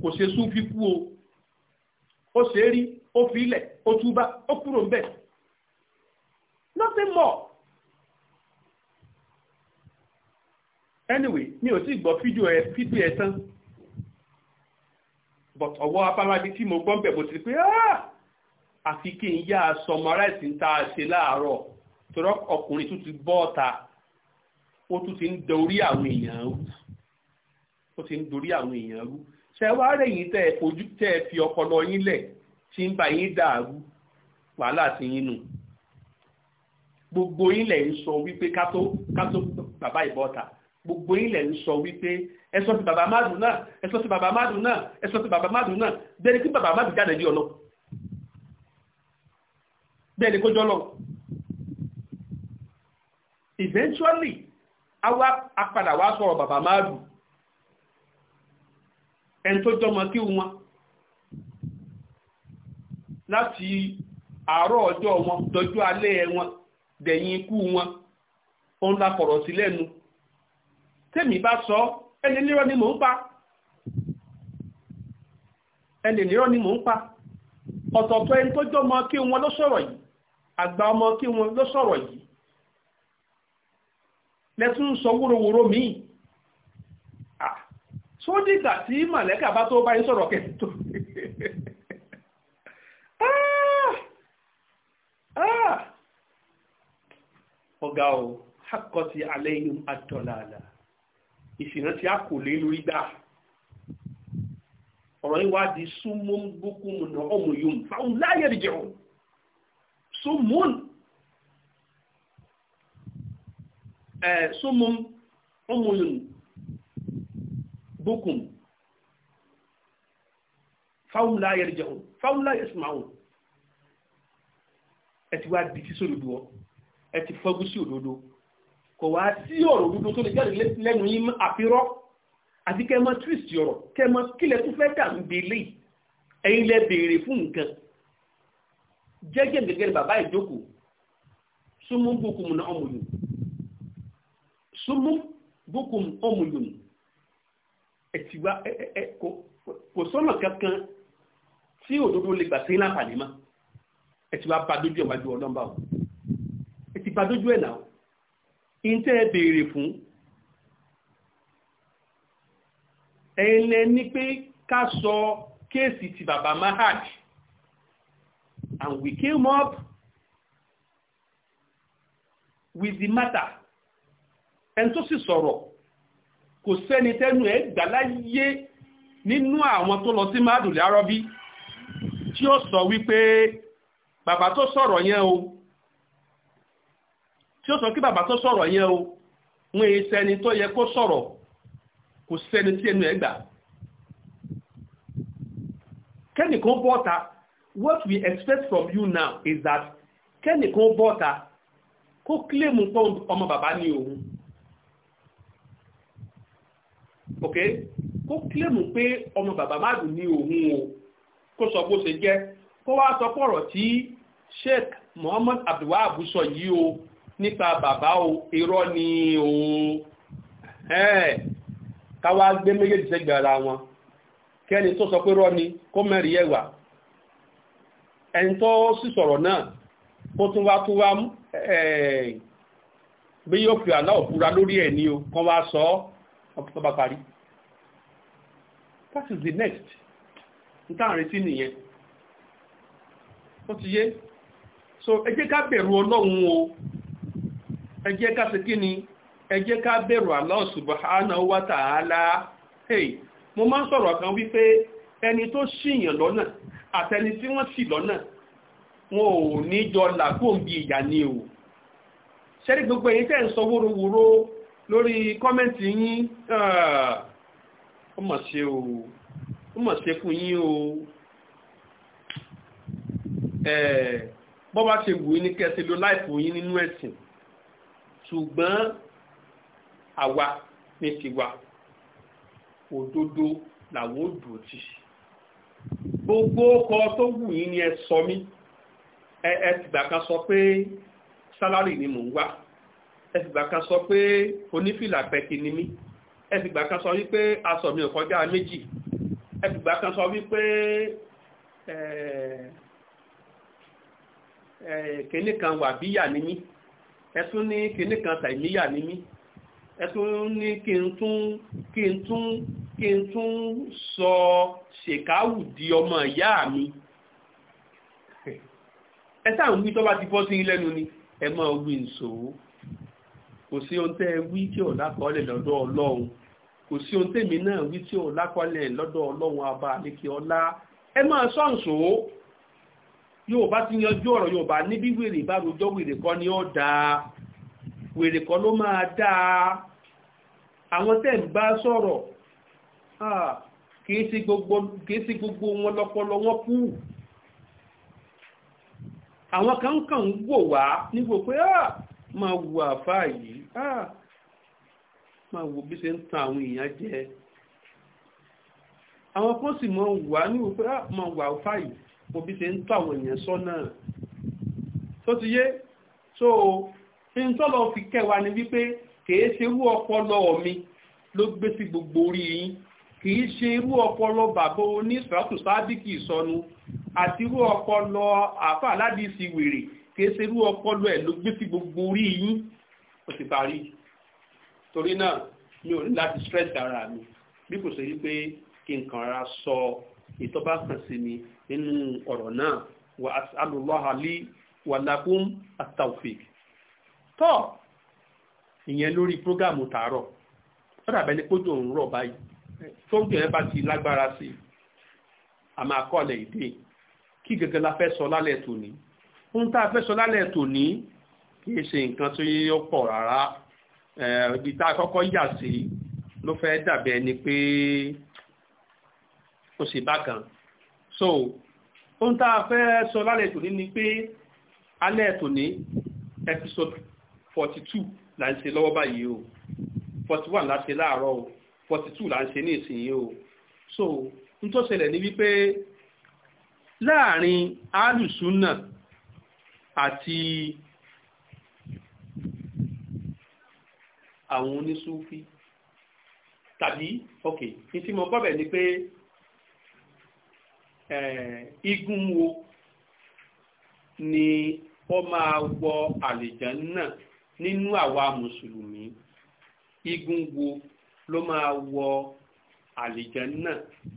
kò ṣe súnfí kú o ó ṣe rí ó fi ilẹ̀ ó túbá ó kúrò ń nothing more. anyway mi ò sì gbọ́ fídíò ẹ fídíò ẹ tán but ọwọ́ apáradì tí mo gbọ́ ń bẹ̀ mo ti pé ah àfi kí n yá sọmọrẹ́sì ń ta ṣe láàárọ̀ tọ́rọ ọkùnrin tún ti bọ́ ọ̀ta ó tún ti ń dorí àwọn èèyàn rú ó ti ń dorí àwọn èèyàn rú ṣe wá rẹ̀yìn tẹ́ ẹ fojú tẹ́ ẹ fi ọpọlọ yín lẹ̀ tí ń ba yín dàrú wàhálà sí yín nù gbogbo yín lẹ̀ ń sọ wípé kátó kátó bàbá ìbọ́ta gbogbo yín lẹ̀ ń sọ wípé ẹ sọ ti bàbá mádùn náà ẹ sọ ti bàbá mádùn náà ẹ sọ ti bàbá mádùn náà bẹ́ẹ̀ ni kó jọ lọ. eventually awa apadà wá sọ̀rọ̀ bàbá máàlù ẹni tó jọmọ kí wọn láti àárọ̀ ọjọ́ wọn dọjú alẹ́ wọn dẹ̀yìn ikú wọn òun la kọ̀rọ̀ sí lẹ́nu tẹ́mi bá sọ ẹni nírọ́ ni mò ń pa ẹni nírọ́ ni mò ń pa ọ̀tọ̀ọ̀tọ̀ ẹni tó jọmọ kí wọn ló sọ̀rọ̀ yìí àgbà ọmọ kí wọn ló sọ̀rọ̀ yìí lẹ́tún sọ wúrowúro míì tó dìgbà tí màlẹ́kà bá tó bá yín sọ̀rọ̀ kẹ́tọ́ ah! ah! ọ̀gá o ala alayhim àtọ̀làlà ìfìhàn tí a kò lé lórí gbà ọ̀rọ̀ yìí wá di súnmọ́ gbókùn náà ọmọ yòó fáwọn láyé ìjẹun. sumun eh, sumun umuyun bukum fáwọn láyẹ̀rì jẹun fáwọn láyẹ̀ sùmáwọn ẹ ti wá di tí sódòdó ọ ẹ ti fọ́gú sí òdodo kò wá sí ọ̀rọ̀ òdodo tó lè jáde lẹ́nu yín àfirọ́ àti kẹ́ twist ọ̀rọ̀ kẹ́ ẹ mọ kílẹ̀ tó fẹ́ dà ń gbélé ẹ̀yin lẹ béèrè jẹ́jẹ́ gẹ́gẹ́ bàbá ìjókòó súnmú bùkùn náà ọmọlùm súnmú bùkùn ọmọlùm ẹ̀tìwá kò sọ́nà kankan tí òdodo lè gbà sí láǹfààní mọ́ ẹ̀tìwá bá dójú ẹ̀ wájú ọlọ́mbà o ẹ̀tì bá dójú ẹ̀ náà ìntẹ́ ẹ béèrè fún ẹ̀yìn lẹ ní pé ká sọ kéèsì ti bàbá mahaj and we came up with the matter ẹni tó sì sọ̀rọ̀ kò sẹ́ni tẹ́nu ẹ̀ gbàláyé nínú àwọn tó lọ sí mádùlì arọ́bí tí ó sọ wípé bàbá tó sọ̀rọ̀ yẹn o tí ó sọ kí bàbá tó sọ̀rọ̀ yẹn o wọ́n èyí sẹ́ni tó yẹ kó sọ̀rọ̀ kò sẹ́ni tí ẹnu ẹ̀ gbà kẹ́nìkan bọ́ta what we expect from you now is that kẹ́nìkan bọ́ta kó kílèmù pọ́ ọmọ bàbá ní òun ok kó kílèmù pé ọmọ bàbá má dùn ní òun o kó sọ bó ṣe jẹ́ kó wá sọ pọ̀rọ̀ tí Sheikh Muhammad Abdulwahab sọ yìí o nípa bàbá o irọ́ ni òun káwá gbé méjèèjì sẹ́gbẹ̀ẹ́ ara wọn kẹ́ni tó sọ pé rọ́ ni kó mẹ́rin ẹ̀wà ẹni tó sì sọ̀rọ̀ náà kó tún wá tún wá bí yóò fi àlá òfúra lórí ẹ̀ ní o kán wá sọ ọ́ tó bá parí that is the next n tá à ń retí nìyẹn ó ti yé so ẹ jẹ́ ká bẹ̀rù ọlọ́run o ẹ jẹ́ ká ṣe kí ni ẹ jẹ́ ká bẹ̀rù Allah subhanahu wa ta'ala hey mo máa ń sọ̀rọ̀ kan wípé ẹni tó ṣìyàn lọ́nà àtẹni tí wọ́n sì lọ́nà wọn ò ní jọ làkóòbí ìyà ni o ṣẹ́rí gbogbo èyí tẹ́ ń sọ wóróworó lórí kọ́mẹ́ǹtì yín ó mọ̀ ṣe o ó mọ̀ ṣe fún yín o bọ́ bá ṣe wù ní kẹsì ló láìpò yín nínú ẹ̀sìn ṣùgbọ́n àwa ní tiwa òdodo làwọn ò dùn tì í gbogbo ọkọ̀ tó wù yín ni ẹ sọ mí ẹ tìgbà kan sọ pé sálárì ni mò ń wá ẹ tìgbà kan sọ pé onífìlà pẹ̀kì ni mí ẹ tìgbà kan sọ wípé aṣọ mi ò kọjá méjì ẹ tìgbà kan sọ wípé kìnní kan wà bíyà ni mí ẹ tún ní kìnní kan tàìmíyà ni mí ẹ tún ní kí n tún kí n tún kí n tún sọ ṣèkáwù di ọmọ ìyá mi ẹ sáà ń wí tó bá ti bọ́ sí lẹ́nu ni ẹ máa wí nṣó kò sí ohun tẹ́ ẹ wí tí ò lákọọ́lẹ̀ lọ́dọ̀ ọlọ́run kò sí ohun tèmi náà wí tí ò lákọọ́lẹ̀ lọ́dọ̀ ọlọ́run ọba àlékè ọlá ẹ máa sọ nṣó Yorùbá ti yanjú ọ̀rọ̀ Yorùbá níbi wèrè bá rojọ́ wèrè kọ́ ni ó dáa wèrè kọ́ ló máa dáa àwọn tẹ́ ń bá sọ̀rọ̀ kìí sí gbogbo wọn lọ́pọlọ wọn kú àwọn kan kàn ń wò wá nígbò pé máa wo àfáà yìí máa wo bí ṣe ń tan àwọn èèyàn jẹ àwọn kan sì mọ wà ní òpé máa wo àfáà yìí mo bí ṣe ń tọ àwọn èèyàn sọ́nà tó ti yé so fi ń tọ́lọ fi kẹwàá ni wípé kèé ṣerú ọpọlọ mi ló gbé sí gbogbo orí yín kìí ṣe irú ọpọlọ bàbá oníṣàtún sábìkì ìsọnu àti irú ọpọlọ àfà aládìsí wèrè kìí ṣe irú ọpọlọ ẹ̀ ló gbé sí gbogbo orí yín ó ti parí torí náà mi ò ní láti stress ara mi bí kò ṣe wípé kí n kàn ra sọ ìtọ́ba kan sí mi nínú ọ̀rọ̀ náà wà alùlọ́hà lí àtàwùfìk tọ́ ìyẹn lórí prógáàmù tààrọ̀ ó dàbẹ́ ni pójò ń rọ̀ báyìí tó ń jẹ́ bá ti lágbára sí i a máa kọ́lẹ̀ ìdè kí gẹ́gẹ́ la fẹ́ sọ lálẹ́ tòní ohun tá a fẹ́ sọ lálẹ́ tòní kì í ṣe nǹkan tó yẹ pọ̀ rárá ibi tá a kọ́kọ́ yà sí ló fẹ́ dàbẹ̀ ni pé ó sì bákan so ohun tá a fẹ́ sọ lálẹ́ tòní ni pé alẹ́ tòní episode forty two là ń ṣe lọ́wọ́ báyìí o forty one là ń ṣe láàárọ̀ o forty two là ń ṣe ní ìsinyìí o so n tó ṣẹlẹ̀ ní wípé láàrin alùsùnà àti àwọn onísúfí tàbí ok ìtí mo bọ́bẹ̀ ni pé eh, igun wo ni ó máa wọ àlìjàn náà nínú àwa mùsùlùmí igun wo ló máa wọ àlìjánná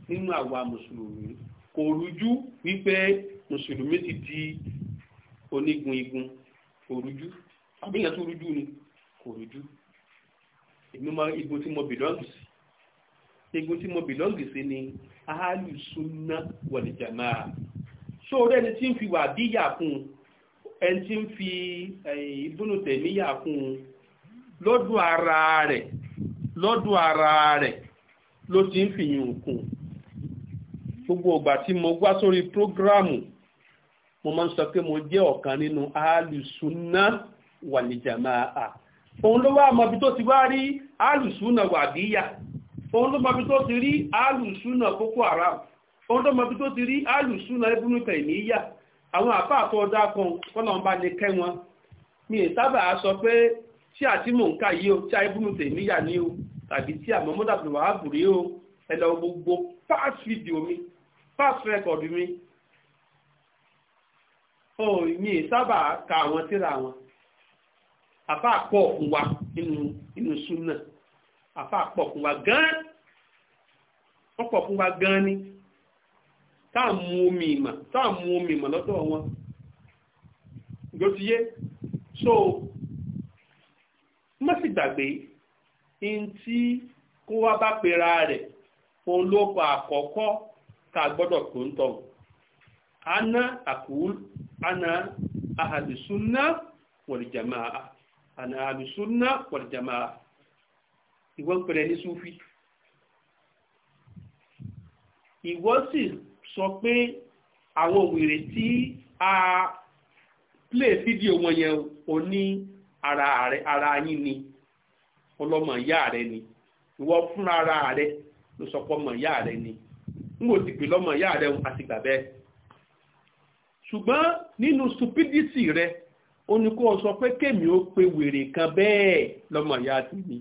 nínú àwa mùsùlùmí kò rújú wípé mùsùlùmí ti di onígun igun kò rújú àbíyàn tó rújú ni kò rújú èmi máa igun tí mo bìlọ́ǹgì sí igun tí mo bìlọ́ǹgì sí ni aálù súnná wọ̀lìjàmá so rẹ́ni tí ń fi wà bíyà fún un ẹni tí ń fi ìbúnú eh, tẹ̀míyà fún un lọ́dún ara rẹ̀ lọ́dọ̀ ara rẹ̀ ló ti ń gbogbo ọgbà tí mo wá sórí prógrámù mo máa ń sọ pé mo jẹ́ ọ̀kan nínú alùsùnà wàlìjàmáà òun ló wá mọ̀bí tó ti wá rí alùsùnà wàdíyà òun ló mọ̀bí tó ti rí alùsùnà Boko ara òun ló mọ̀bí tó ti rí alùsùnà àwọn àpá àtọ́ kan kọ́nà mi ì tí àti mò ń kà yí o tí a ibùnú tèmíyà ní o tàbí tí a Muhammad Abdul Wahab rí o ẹ lọ gbogbo past video mi past record mi ó yìn sábà ka àwọn tíra wọn àfa àpọ̀ fún wa nínú nínú súnà àfa àpọ̀ fún wa gan wọ́n pọ̀ fún wa gan ni táà mú omi ìmọ̀ táà mú omi ìmọ̀ lọ́dọ̀ wọn ló ti yé so má sì gbàgbé ihun tí kó wá bá pera rẹ̀ òun ló àkọ́kọ́ tá gbọ́dọ̀ tó ń tọ̀ ana àkúl ana ahàlùsúnná wọ̀lìjàmáà ana ahàlùsúnná wọ̀lìjàmáà ìwọ ń pèrè ní súfì ìwọ sì sọ pé àwọn wèrè tí a play fídíò wọn yẹn ò ara rẹ ara yín ni ọlọ́mọ ìyá rẹ ni ìwọ fúnra ara rẹ ló sọ pé ọmọ ìyá rẹ ni n kò sì pè lọ́mọ ìyá rẹ àti gbà bẹ́ẹ̀ ṣùgbọ́n nínú stupidity rẹ o ní kó o sọ pé kémi ó pe wèrè kan bẹ́ẹ̀ lọ́mọ ìyá tèmi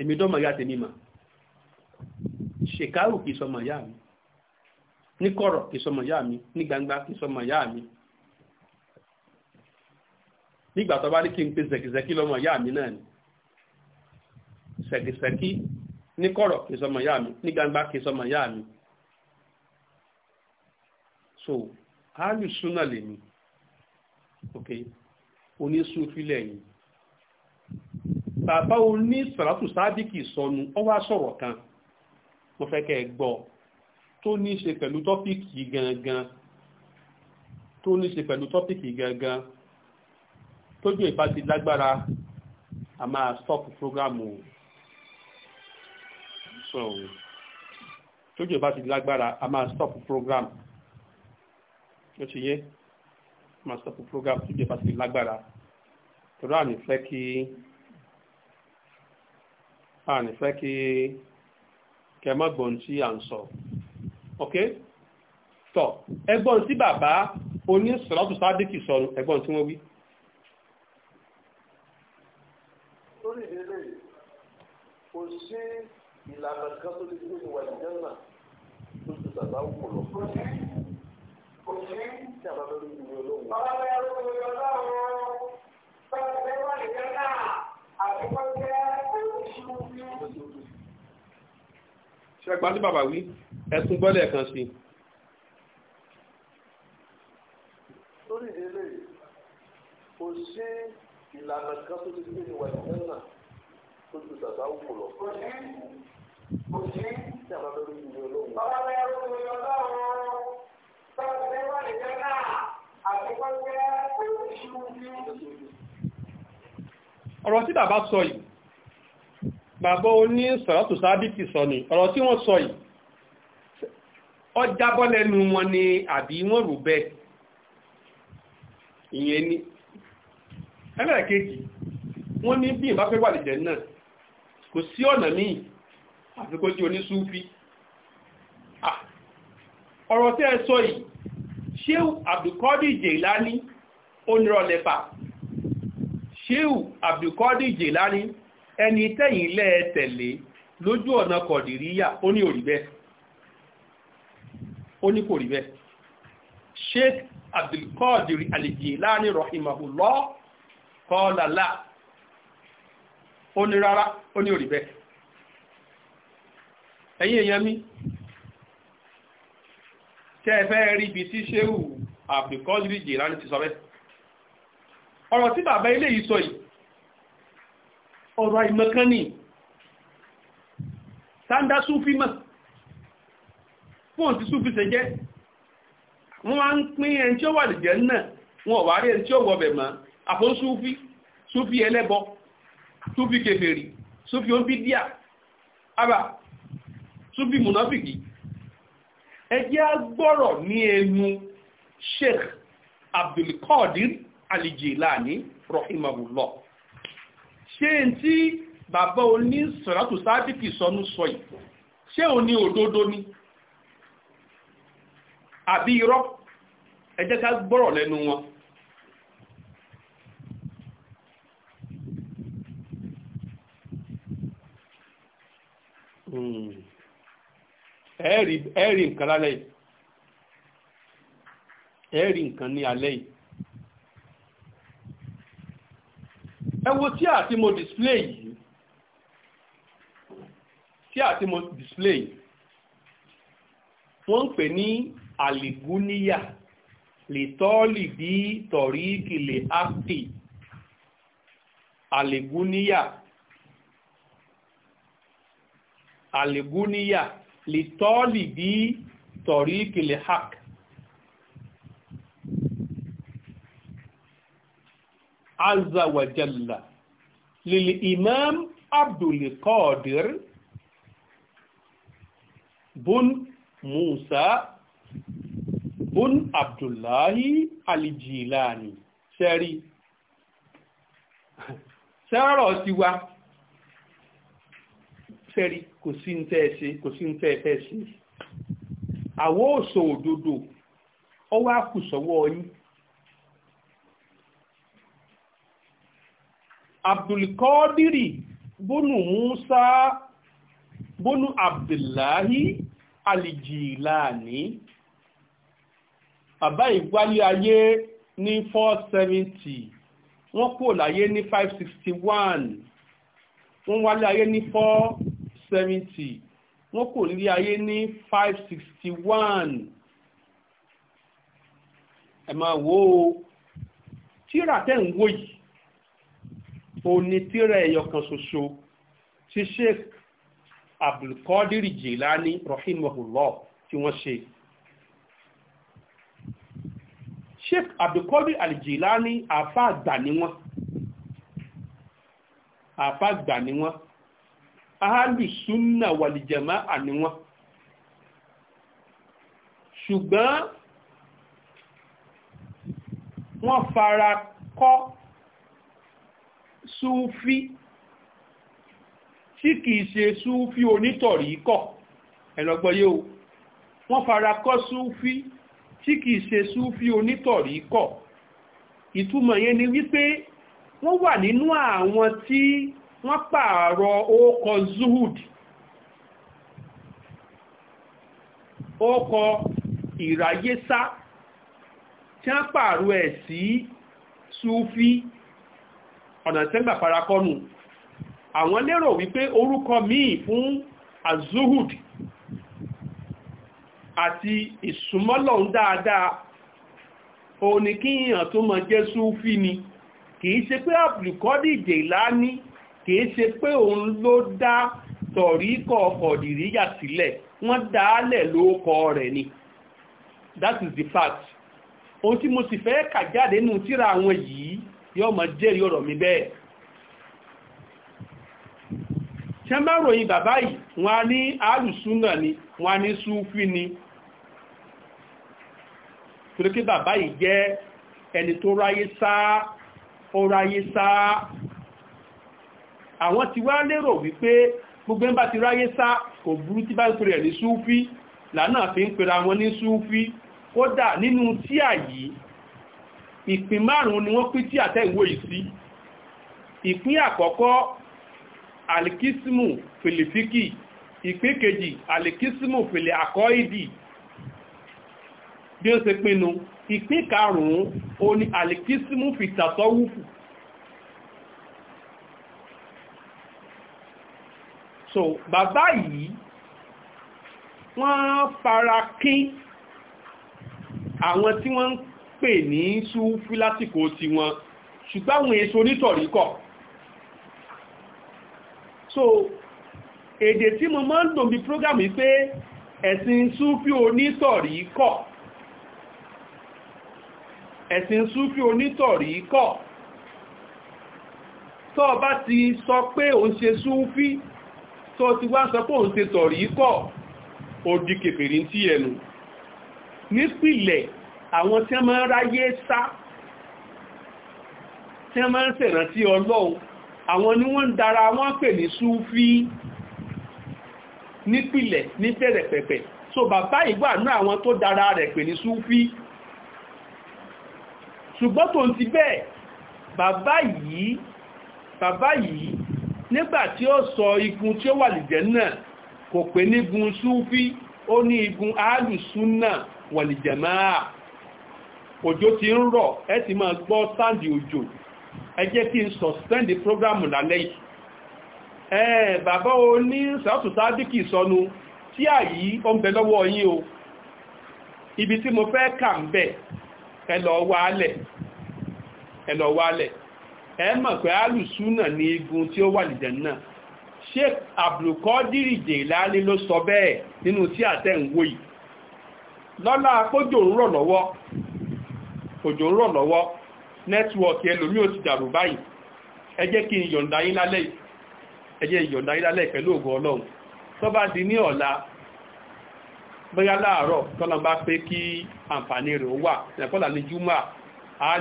èmi dọ́mọ ìyá tèmi mà ṣèkárù kì í sọmọ ìyá mi ní kọ̀rọ̀ kì í sọmọ ìyá mi ní gbangba kì í sọmọ ìyá mi nígbà tó bá ní kí n pe zẹ̀kìzẹ̀kì lọ́mọ ìyá mi náà ni zẹ̀kìzẹ̀kì ní kọ̀rọ̀ kì í sọmọ ìyá mi ní gbangba kì í sọmọ ìyá mi so alùsùnà lèmi ok onísùnfilẹ̀ yìí bàbá oní sàràtù sábìkì sọnù ó wá sọ̀rọ̀ kan mo fẹ́ kẹ́ ẹ gbọ́ tó ní í ṣe pẹ̀lú tọ́pìkì gangan tó ní í ṣe pẹ̀lú tọ́pìkì gangan tójú ìbá ti lágbára a máa stop programu so tójú ìbá ti lágbára a máa stop program ó ti yé a máa stop program tójú ìbá ti lágbára torí àmì fẹ́ kí àmì fẹ́ kí kẹmọ́gbọ̀n tí à ń sọ ok tọ́ ẹgbọ́n tí bàbá oní sọ̀rọ̀ tó sáà dékì sọ̀rọ̀ ẹgbọ́n tí wọ́n wí. kò sí ìlànà kan tó lè gbé ìwà ìjánà tó ti bàbá wò lọ. kò sí kò sí. tí a bá fẹ́ lórí ìwé olóhùn. bàbá mi yàrá ìwé ọlọ́run bàbá mi wà ní jẹ́nà àtúkọ́ jẹ́ oríṣiríṣi. ṣé ẹgbàá bàbá wí ẹtún gbọ́dọ̀ kan sí i. lórí ìdílé kò sí ìlànà kan tó lè gbé ìwà ìjánà lọ. kò sí a bá lórí ìlú olóhùn. bàbá bẹ́ẹ̀ ló ti yọ lọ́wọ́ tọ́sídẹ́ wà lè jẹ́ náà àtẹ́kọ́jẹ́ oríṣiríṣi. ọ̀rọ̀ tí bàbá sọ yìí bàbá oní sọ̀rọ̀tù sábìtì sọ ni ọ̀rọ̀ tí wọ́n sọ yìí ó jábọ́ lẹ́nu wọn ni àbí wọ́n rò bẹ́ẹ̀ ìyẹn ni ẹlẹ́ẹ̀kejì wọ́n ní bí ìbáfẹ́ wà lè jẹ́ náà kò sí ọ̀nà míì àfi kó jẹ́ onísúfí ọ̀rọ̀ tẹ́ ẹ sọ yìí ṣéhù Abdulkadir Jilani onírọ̀lẹ́fà ṣéhù Abdulkadir Jilani ẹni tẹ́yìn lẹ́ẹ̀tẹ̀lé lójú ọ̀nà kọ̀dìríyà ó ní òrí bẹ́ẹ̀ ó ní kò rí bẹ́ẹ̀ Sheikh Abdulkadir Al-Jilani rahimahullah kọ́ọ̀lá láà ó ní rárá ó ní òrì bẹ́ẹ̀ ẹ̀yin èèyàn mi tẹ́ ẹ fẹ́ rí ibi tí ṣéwù àfikọ́sírì Jìlánì ti sọ bẹ́ẹ̀ ọ̀rọ̀ tí bàbá ilé yìí sọ yìí ọ̀rọ̀ àìmọ̀kan ni sáńdá súnfí mọ̀ fóòn tí ṣe jẹ́ wọ́n wá ń pín ẹni tí ó wà lè jẹ́ náà wọ́n wà rí ẹni tí ó wọ̀ bẹ̀ mọ́ àfọ́súnfí súnfí ẹlẹ́bọ̀ọ́ súfì kèfèrí súfì ombídíà àbá Sufi mùnáfìkì ẹjẹ́ agbọ́rọ̀ ní ẹnu sheikh abdulkadir alijilani rahimahullah ṣé n tí bàbá oní sọ̀rọ̀tù sáàdìkì sọnú sọ yìí ṣé o ní òdodo ni àbí irọ́ ẹjẹ́ ká gbọ́rọ̀ lẹ́nu wọn Hmm. ẹ rí nǹkan lálẹ́ yìí ẹ rí nǹkan ní alẹ́ yìí ẹ wo tí àti mo display yìí tí àti mo display yìí wọ́n ń pè ní àlìgúníyà lìtọ́ọ̀lì bí tọ̀ríkì lè áfì àlìgúníyà àlègúníyà lè tọ́ọ̀lì bí tọ̀rí ìkìlẹ̀ hak azza wa jalla lil imam abdul qadir bun musa bun abdullahi alijilani sẹ́rí sẹ́rọ̀ tiwa fẹ́rí kò sí ń tẹ́ ẹ ṣe kò sí ń tẹ́ fẹ́ ṣe àwo òsò òdodo ọwọ́ àkùsọ̀wọ́ yín abdulkadiri bónú musa bónú abdullahi alijilani bàbá ìwálé ayé ní four seventy wọ́n kúrò láyé ní five sixty one wọ́n wálé ayé ní four seventy wọ́n kò nílé ayé ní five sixty one ẹ máa wo tíra tẹ́ ń wò yìí òní tíra ẹ̀yọ kan ṣoṣo tí sheikh abdulkadir jilani rahimahullah tí wọ́n ṣe sheikh abdulkadir aljilani àfa àgbà ni wọ́n àfa àgbà ni wọ́n ahálùsúnnà wàlìjẹ̀má àníwọ̀n ṣùgbọ́n wọ́n fara kọ́ súfí tí kìí ṣe súfí onítọ̀rí kọ̀ ẹ̀lọ́gbọ́yé o wọ́n fara kọ́ súfí tí kìí ṣe súfí onítọ̀rí kọ̀ ìtumọ̀ yẹn ni wípé wọ́n wà nínú àwọn tí wọ́n pààrọ̀ ókọ zuhud ókọ ìráyésá tí wọ́n pààrọ̀ ẹ̀ sí sufi ọ̀nà tẹ́gbà parakọ́nù àwọn lérò wípé orúkọ míì fún azuhud àti ìsúnmọ́lọ̀ dáadáa o ní tó mọ̀ jẹ́ sufi ni kìí se pé àbùkọ́dì ìjìlá ní kìí ṣe pé òun ló dá tọ̀ríkọ̀ kọ̀dìríyà sílẹ̀ wọ́n dá lẹ̀ lóókọ rẹ̀ ni that is the fact ohun tí mo sì fẹ́ kà jáde nù tíra àwọn yìí yóò máa jẹ́rìí ọ̀rọ̀ mi bẹ́ẹ̀ ṣe máa ròyìn bàbá yìí wọ́n a ní alùsúnà ni wọ́n a ní súfí ni torí pé bàbá yìí jẹ́ ẹni tó ráyé sáá ó ráyé sáá àwọn ti wá lérò wípé gbogbo ẹmbà ti ráyé sá kò burú tí bá ń pèrè ní súfí lànà fi ń pèrè àwọn ní súfí kódà nínú tíà yìí ìpín márùn-ún ni wọ́n pín tíà tẹ́ ìwò yìí sí ìpín àkọ́kọ́ alikisimu filifiki ìpín kejì alikisimu fili akọ́ìdì bí ó ṣe pinnu ìpín karùn-ún o ni alikisimu fitasọ́wùfù so bàbá yìí wọ́n fara kín àwọn tí wọ́n ń pè ní súfí lásìkò tiwọn ṣùgbọ́n àwọn èso onítọ̀ríkọ̀ so èdè tí mo máa ń lò bí program yìí pé ẹ̀sìn súfí onítọ̀ríkọ̀ ẹ̀sìn súfí onítọ̀ríkọ̀ tó bá ti sọ pé òun ṣe súfí tó ti wá sọ pé òun ṣe tọ̀rí kọ̀ òdì kèfèrí tí ẹnu nípìlẹ̀ àwọn tí wọ́n máa ń ráyé sá tí wọ́n máa ń ṣèrántí ọlọ́run àwọn ni wọ́n ń dara wọ́n pè ní súfí nípìlẹ̀ ní bẹ̀rẹ̀ pẹ̀pẹ̀ so bàbá ìgbà náà àwọn tó dara rẹ̀ pè ní súfí ṣùgbọ́n tó ń ti bẹ́ẹ̀ bàbá yìí bàbá yìí nigba ti ó sọ igun tí ó wà lìjẹ́ náà kò pè nígun bi ó ní igun alùsúnà wọ̀lìjẹ̀máà òjò ti ń rọ̀ ẹ ti máa gbọ́ sáàdì òjò ẹ jẹ́ kí n suspend the programu lálẹ́ yìí ẹ bàbá o ní sàtù sáàdìkì sọnù tí àyí ó ń bẹ lọ́wọ́ yín o ibi tí mo fẹ́ kà ń bẹ̀ ẹ lọ wálẹ̀ ẹ lọ wálẹ̀ ẹ mọ̀ pé alùsúnà ní igun tí ó wà lìjẹ̀ náà Sheikh Abdulkadir ló sọ bẹ́ẹ̀ nínú tí àtẹ̀ ń wò lọ́lá kójò ń rọ̀ lọ́wọ́ nẹ́tíwọ̀kì ẹlòmí ò ti báyìí kí lálẹ́ pẹ̀lú ògo Ọlọ́run tó bá di a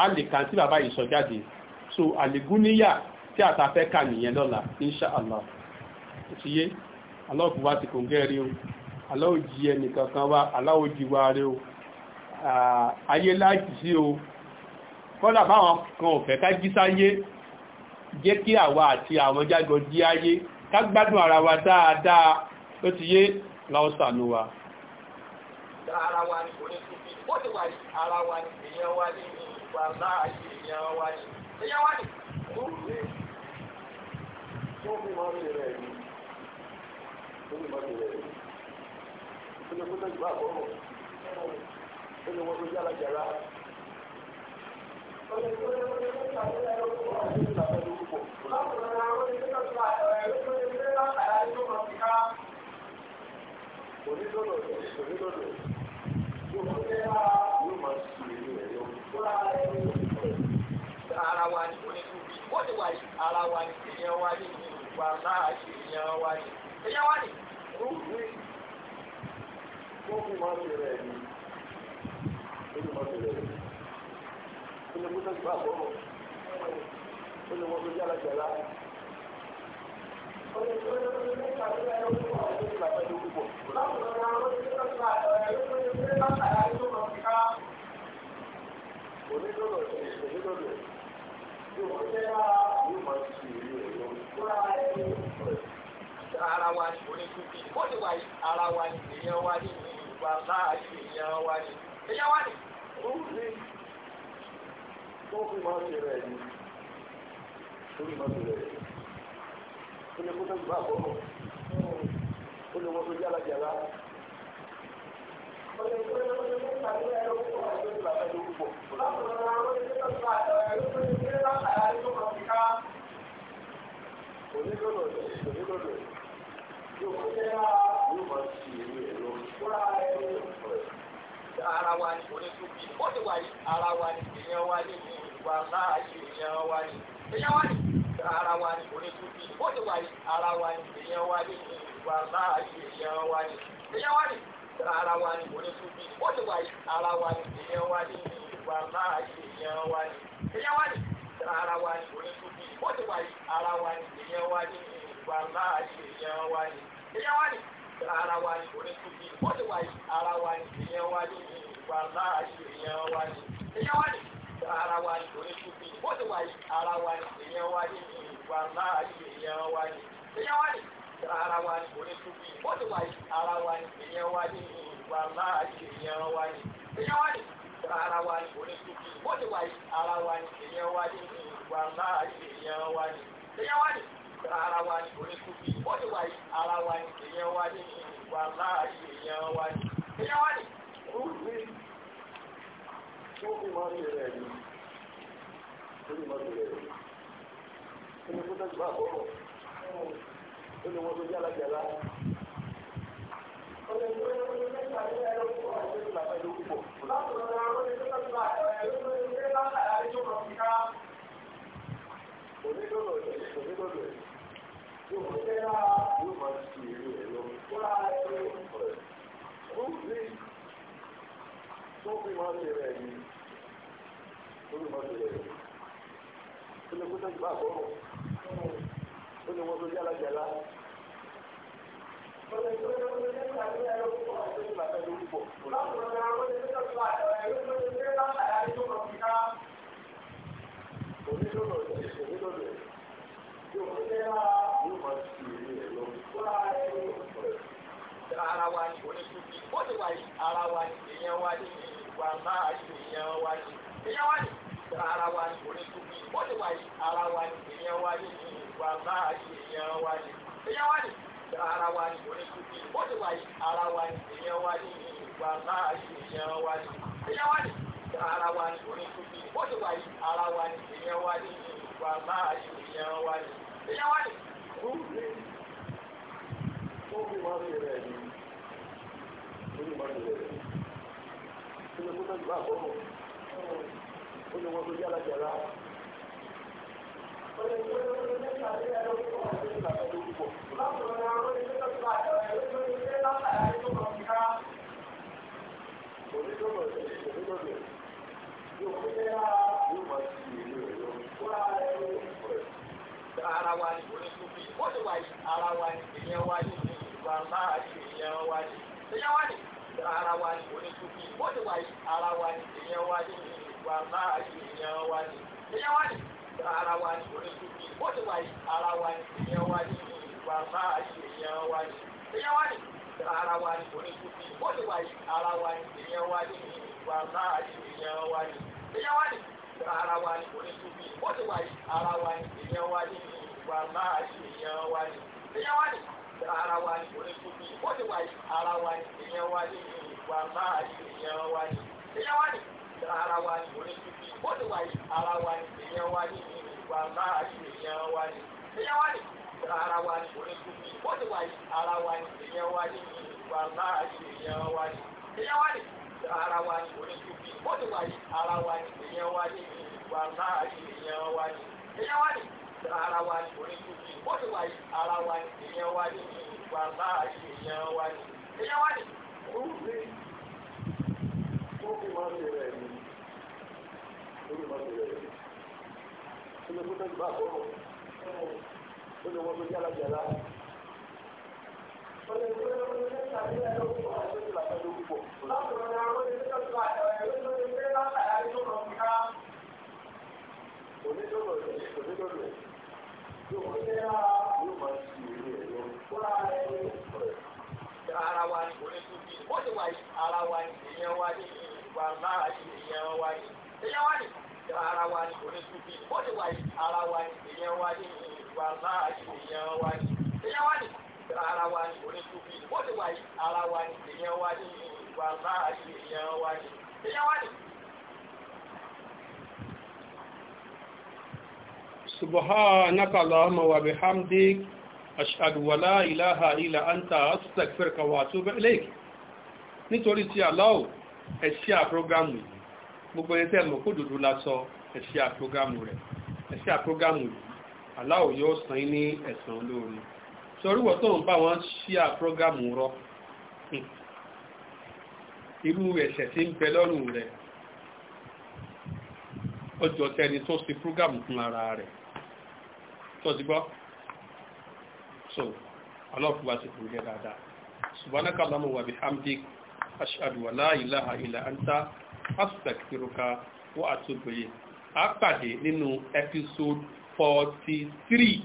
a lè kàn tí bàbá yìí sọ jáde so àlègúníyà tí àtàfẹ́ kà nìyẹn lọ́la insha allah ìtìyé aláwòfin wa ti kò ń gẹ́rí o aláwòjì ẹnìkan kan wa aláwòjì wa rẹ o ayé láàjì sí o kọ́lá báwọn kan ò fẹ́ ká jí sáyé jẹ́ kí àwa àti àwọn jágọ jí ayé ká gbádùn ara wa dáadáa ó ti yé láọ́sànú wa. ara wa ni kò ní síbi ó ti wà ara wa ni èèyàn wa ní bàbá àti èèyàn wa ni èèyàn wa ni ó ń lè tó fi máa ń lè rẹ̀ ni tó fi máa ń lè rẹ̀ ni ó lè kó tó ìgbà àkọ́kọ́ ó lè wọ́n tó yára jàrá. Onídọ̀dọ̀ onídọ̀dọ̀ yóò fún ẹ máa máa sùn nínú ẹ̀ lọ. fúnra rẹ̀ ló ara wa ní wọ́n ti wà yìí ara wa ní èèyàn wa ní ìwà náà ṣe èèyàn wa ní. èèyàn wa ní. rúbùrì tó kù ní ó lè máa bẹ̀rẹ̀ ẹ̀ ní. ó lè wọ́n lè tó lè tó lè tó lè tó lè tó lè tó lè tó lè tó lè tó lè tó lè tó lè tó lè tó lè tó lè lọ́dọ̀ yóò mọ̀ ṣẹ́ bá yóò mọ̀ ṣe ìlú ẹ̀ lọ. Fúra ẹni ara wa ni oníkùnkì. Ó ní wà ara wa ni èèyàn wa ni ìwà láàyè èèyàn wa ni. Èèyàn wa ni. Ó ní tó fi máa ń ṣe rẹ̀ ni. Tó fi máa ń ṣe rẹ̀ ni. Ó ní kó tó gbà bọ́. Ó ní wọ́n tó jálájàlá. Ara wa ni onítúbi, ó ti wà yìí, ara wa ni èèyàn wa ní ìwà láàyè èèyàn wa ní. Èèyàn wa ní ara wa ni onítúbi, ó ti wà yìí, ara wa ni èèyàn wa ní ìwà láàyè èèyàn wa ní. Èèyàn wa ní ara wa ni oníṣubí ni wọ́n ti wà ara wa ni èèyàn wa ni ìwà máa èèyàn wa ni èèyàn wa ni ara wa ni oníṣubí ni wọ́n ti wà ara wa ni èèyàn wa ni ìwà máa èèyàn wa ni èèyàn wa ni ara wa ni oníṣubí ni wọ́n ti wà ara wa ni èèyàn wa ni ìwà máa èèyàn wa ni èèyàn wa ni ara wa ni oníṣubí ni wọ́n ti wà ara wa ni èèyàn wa ni ìwà máa èèyàn wa ni èèyàn wa ni ara wa ni onítúbí ó ti wà ara wa ni èèyàn wa ni ìwà láàyè èèyàn wa ni èèyàn wa ni ara wa ni onítúbí ó ti wà ara wa ni èèyàn wa ni ìwà láàyè èèyàn wa ni èèyàn wa ni ara wa ni onítúbí ó ti wà ara wa ni èèyàn wa ni ìwà láàyè èèyàn wa ni èèyàn wa ni. ó ní tó fi máa ń yẹrẹ ẹ̀mí tó fi máa ń yẹrẹ ẹ̀mí kí ni kó tẹ́jú àkọ́kọ́ tó lè wọ́n tó yára jàlá. Onídòdò ẹ̀ onídòdò ẹ̀ yóò fún ẹ́ rá yóò máa ṣe èrè ẹ̀ lọ. Wọ́n á ẹ̀ ó rí tó fi máa ṣe rẹ̀ ní tó fi máa ṣe rẹ̀ ní. Ó lè kó sẹ́yìn bá àgbọ̀rọ̀. Ó lè wọ́n tó yára jàlá ara wa ni onísùnfì ó ti wà yìí ara wa ni èèyàn wa ni ìwà máa yìí èèyàn wa ni èèyàn wa ni ara wa ni onísùnfì ó ti wà yìí ara wa ni èèyàn wa ni ìwà máa yìí èèyàn wa ni èèyàn wa ni ara wa ni ó ti wà yí ara wa ni èèyàn wa ni ìwà láàyè èèyàn wa ni èèyàn wa ni ara wa ni ó ti wà yí ara wa ni èèyàn wa ni ìwà láàyè èèyàn wa ni èèyàn wa ni. ó bí wọn rí rẹ ni ó ní wọn rí rẹ ni ó ní wọn tó gbà fún un ó ní wọn tó yára jẹrà ara wa ni oníkùnfin ó lè wà yìí ara wa ni èèyàn wa ni ìwà máa ṣe èèyàn wa ni èèyàn wa ni ara wa ni oníkùnfin ó lè wà yìí ara wa ni èèyàn wa ni ìwà máa ṣe èèyàn wa ni èèyàn wa ni ara wa ni oníṣòwò bó ti wà yìí ara wa ni èèyàn wa ni ìwà máa ṣe èèyàn wa ni èèyàn wa ni ara wa ni oníṣòwò bó ti wà yìí ara wa ni èèyàn wa ni ìwà máa ṣe èèyàn wa ni èèyàn wa ni ara wa ni oníṣòwò bó ti wà yìí ara wa ni èèyàn wa ni ìwà máa ṣe èèyàn wa ni èèyàn wa ni ara wa ni oníṣòwò bó ti wà yìí ara wa ni èèyàn wa ni ìwà máa ṣe èèyàn wa ni èèyàn wa ni ara wa ni oníṣòwò bó ti wà yìí ara wa ni. máa ṣe èèyàn wa ni èèyàn wa ni ara wa ni oníṣòfin ó ti wà ní ara wa ni èèyàn wa ni ìwà máa ṣe èèyàn wa ni èèyàn wa ni ara wa ni oníṣòfin ó ti wà ní ara wa ni èèyàn wa ni ìwà máa ṣe èèyàn wa ni èèyàn wa ni. ó fi ó fi máa ń rẹ̀ mí ó fi máa ń rẹ̀ mí ó lè kó tó gbà kó ó lè wọ́n tó yálà yálà. Ara wa ni, wọ́n ti wà ara wa ni, èèyàn wa ni, ìwà lára ni, èèyàn wa ni, èèyàn wa ni ara wa ni onítúbí wọ́n ti wà yìí ara wa ni èèyàn wa ni ìwà láàyè èèyàn wa ni èèyàn wa ni ara wa ni oníṣòfin bó ti wà yìí ara wa ni èèyàn wa ni ìwà láàyè èèyàn wa ni èèyàn wa ni. سبحانك اللهم وبحمدك أشهد ولا إله إلا أنت أستغفرك وأتوب إليك nítorí tí aláwọ̀ ẹ̀ṣẹ́ àprógámù yìí gbogbo ẹni tẹ́ mọ̀ kó dòdó lásọ ẹ̀ṣẹ́ àprógámù rẹ̀ ẹ̀ṣẹ́ àprógámù torí wọ́n tó ń bá wọn ṣíà prógámù rọ irú ẹ̀ṣẹ̀ tí ń bẹ lọ́rùn rẹ̀ ọjọ́ tẹni tó ṣe prógámù fún ara rẹ̀ tó ti gbọ́ so ọlọ́pù wá sí fún ilé dáadáa subhanaka Allahumma wa bihamdik ashhadu an la ilaha illa anta astaghfiruka wọ atubu ilayk a pàdé nínú episode forty three.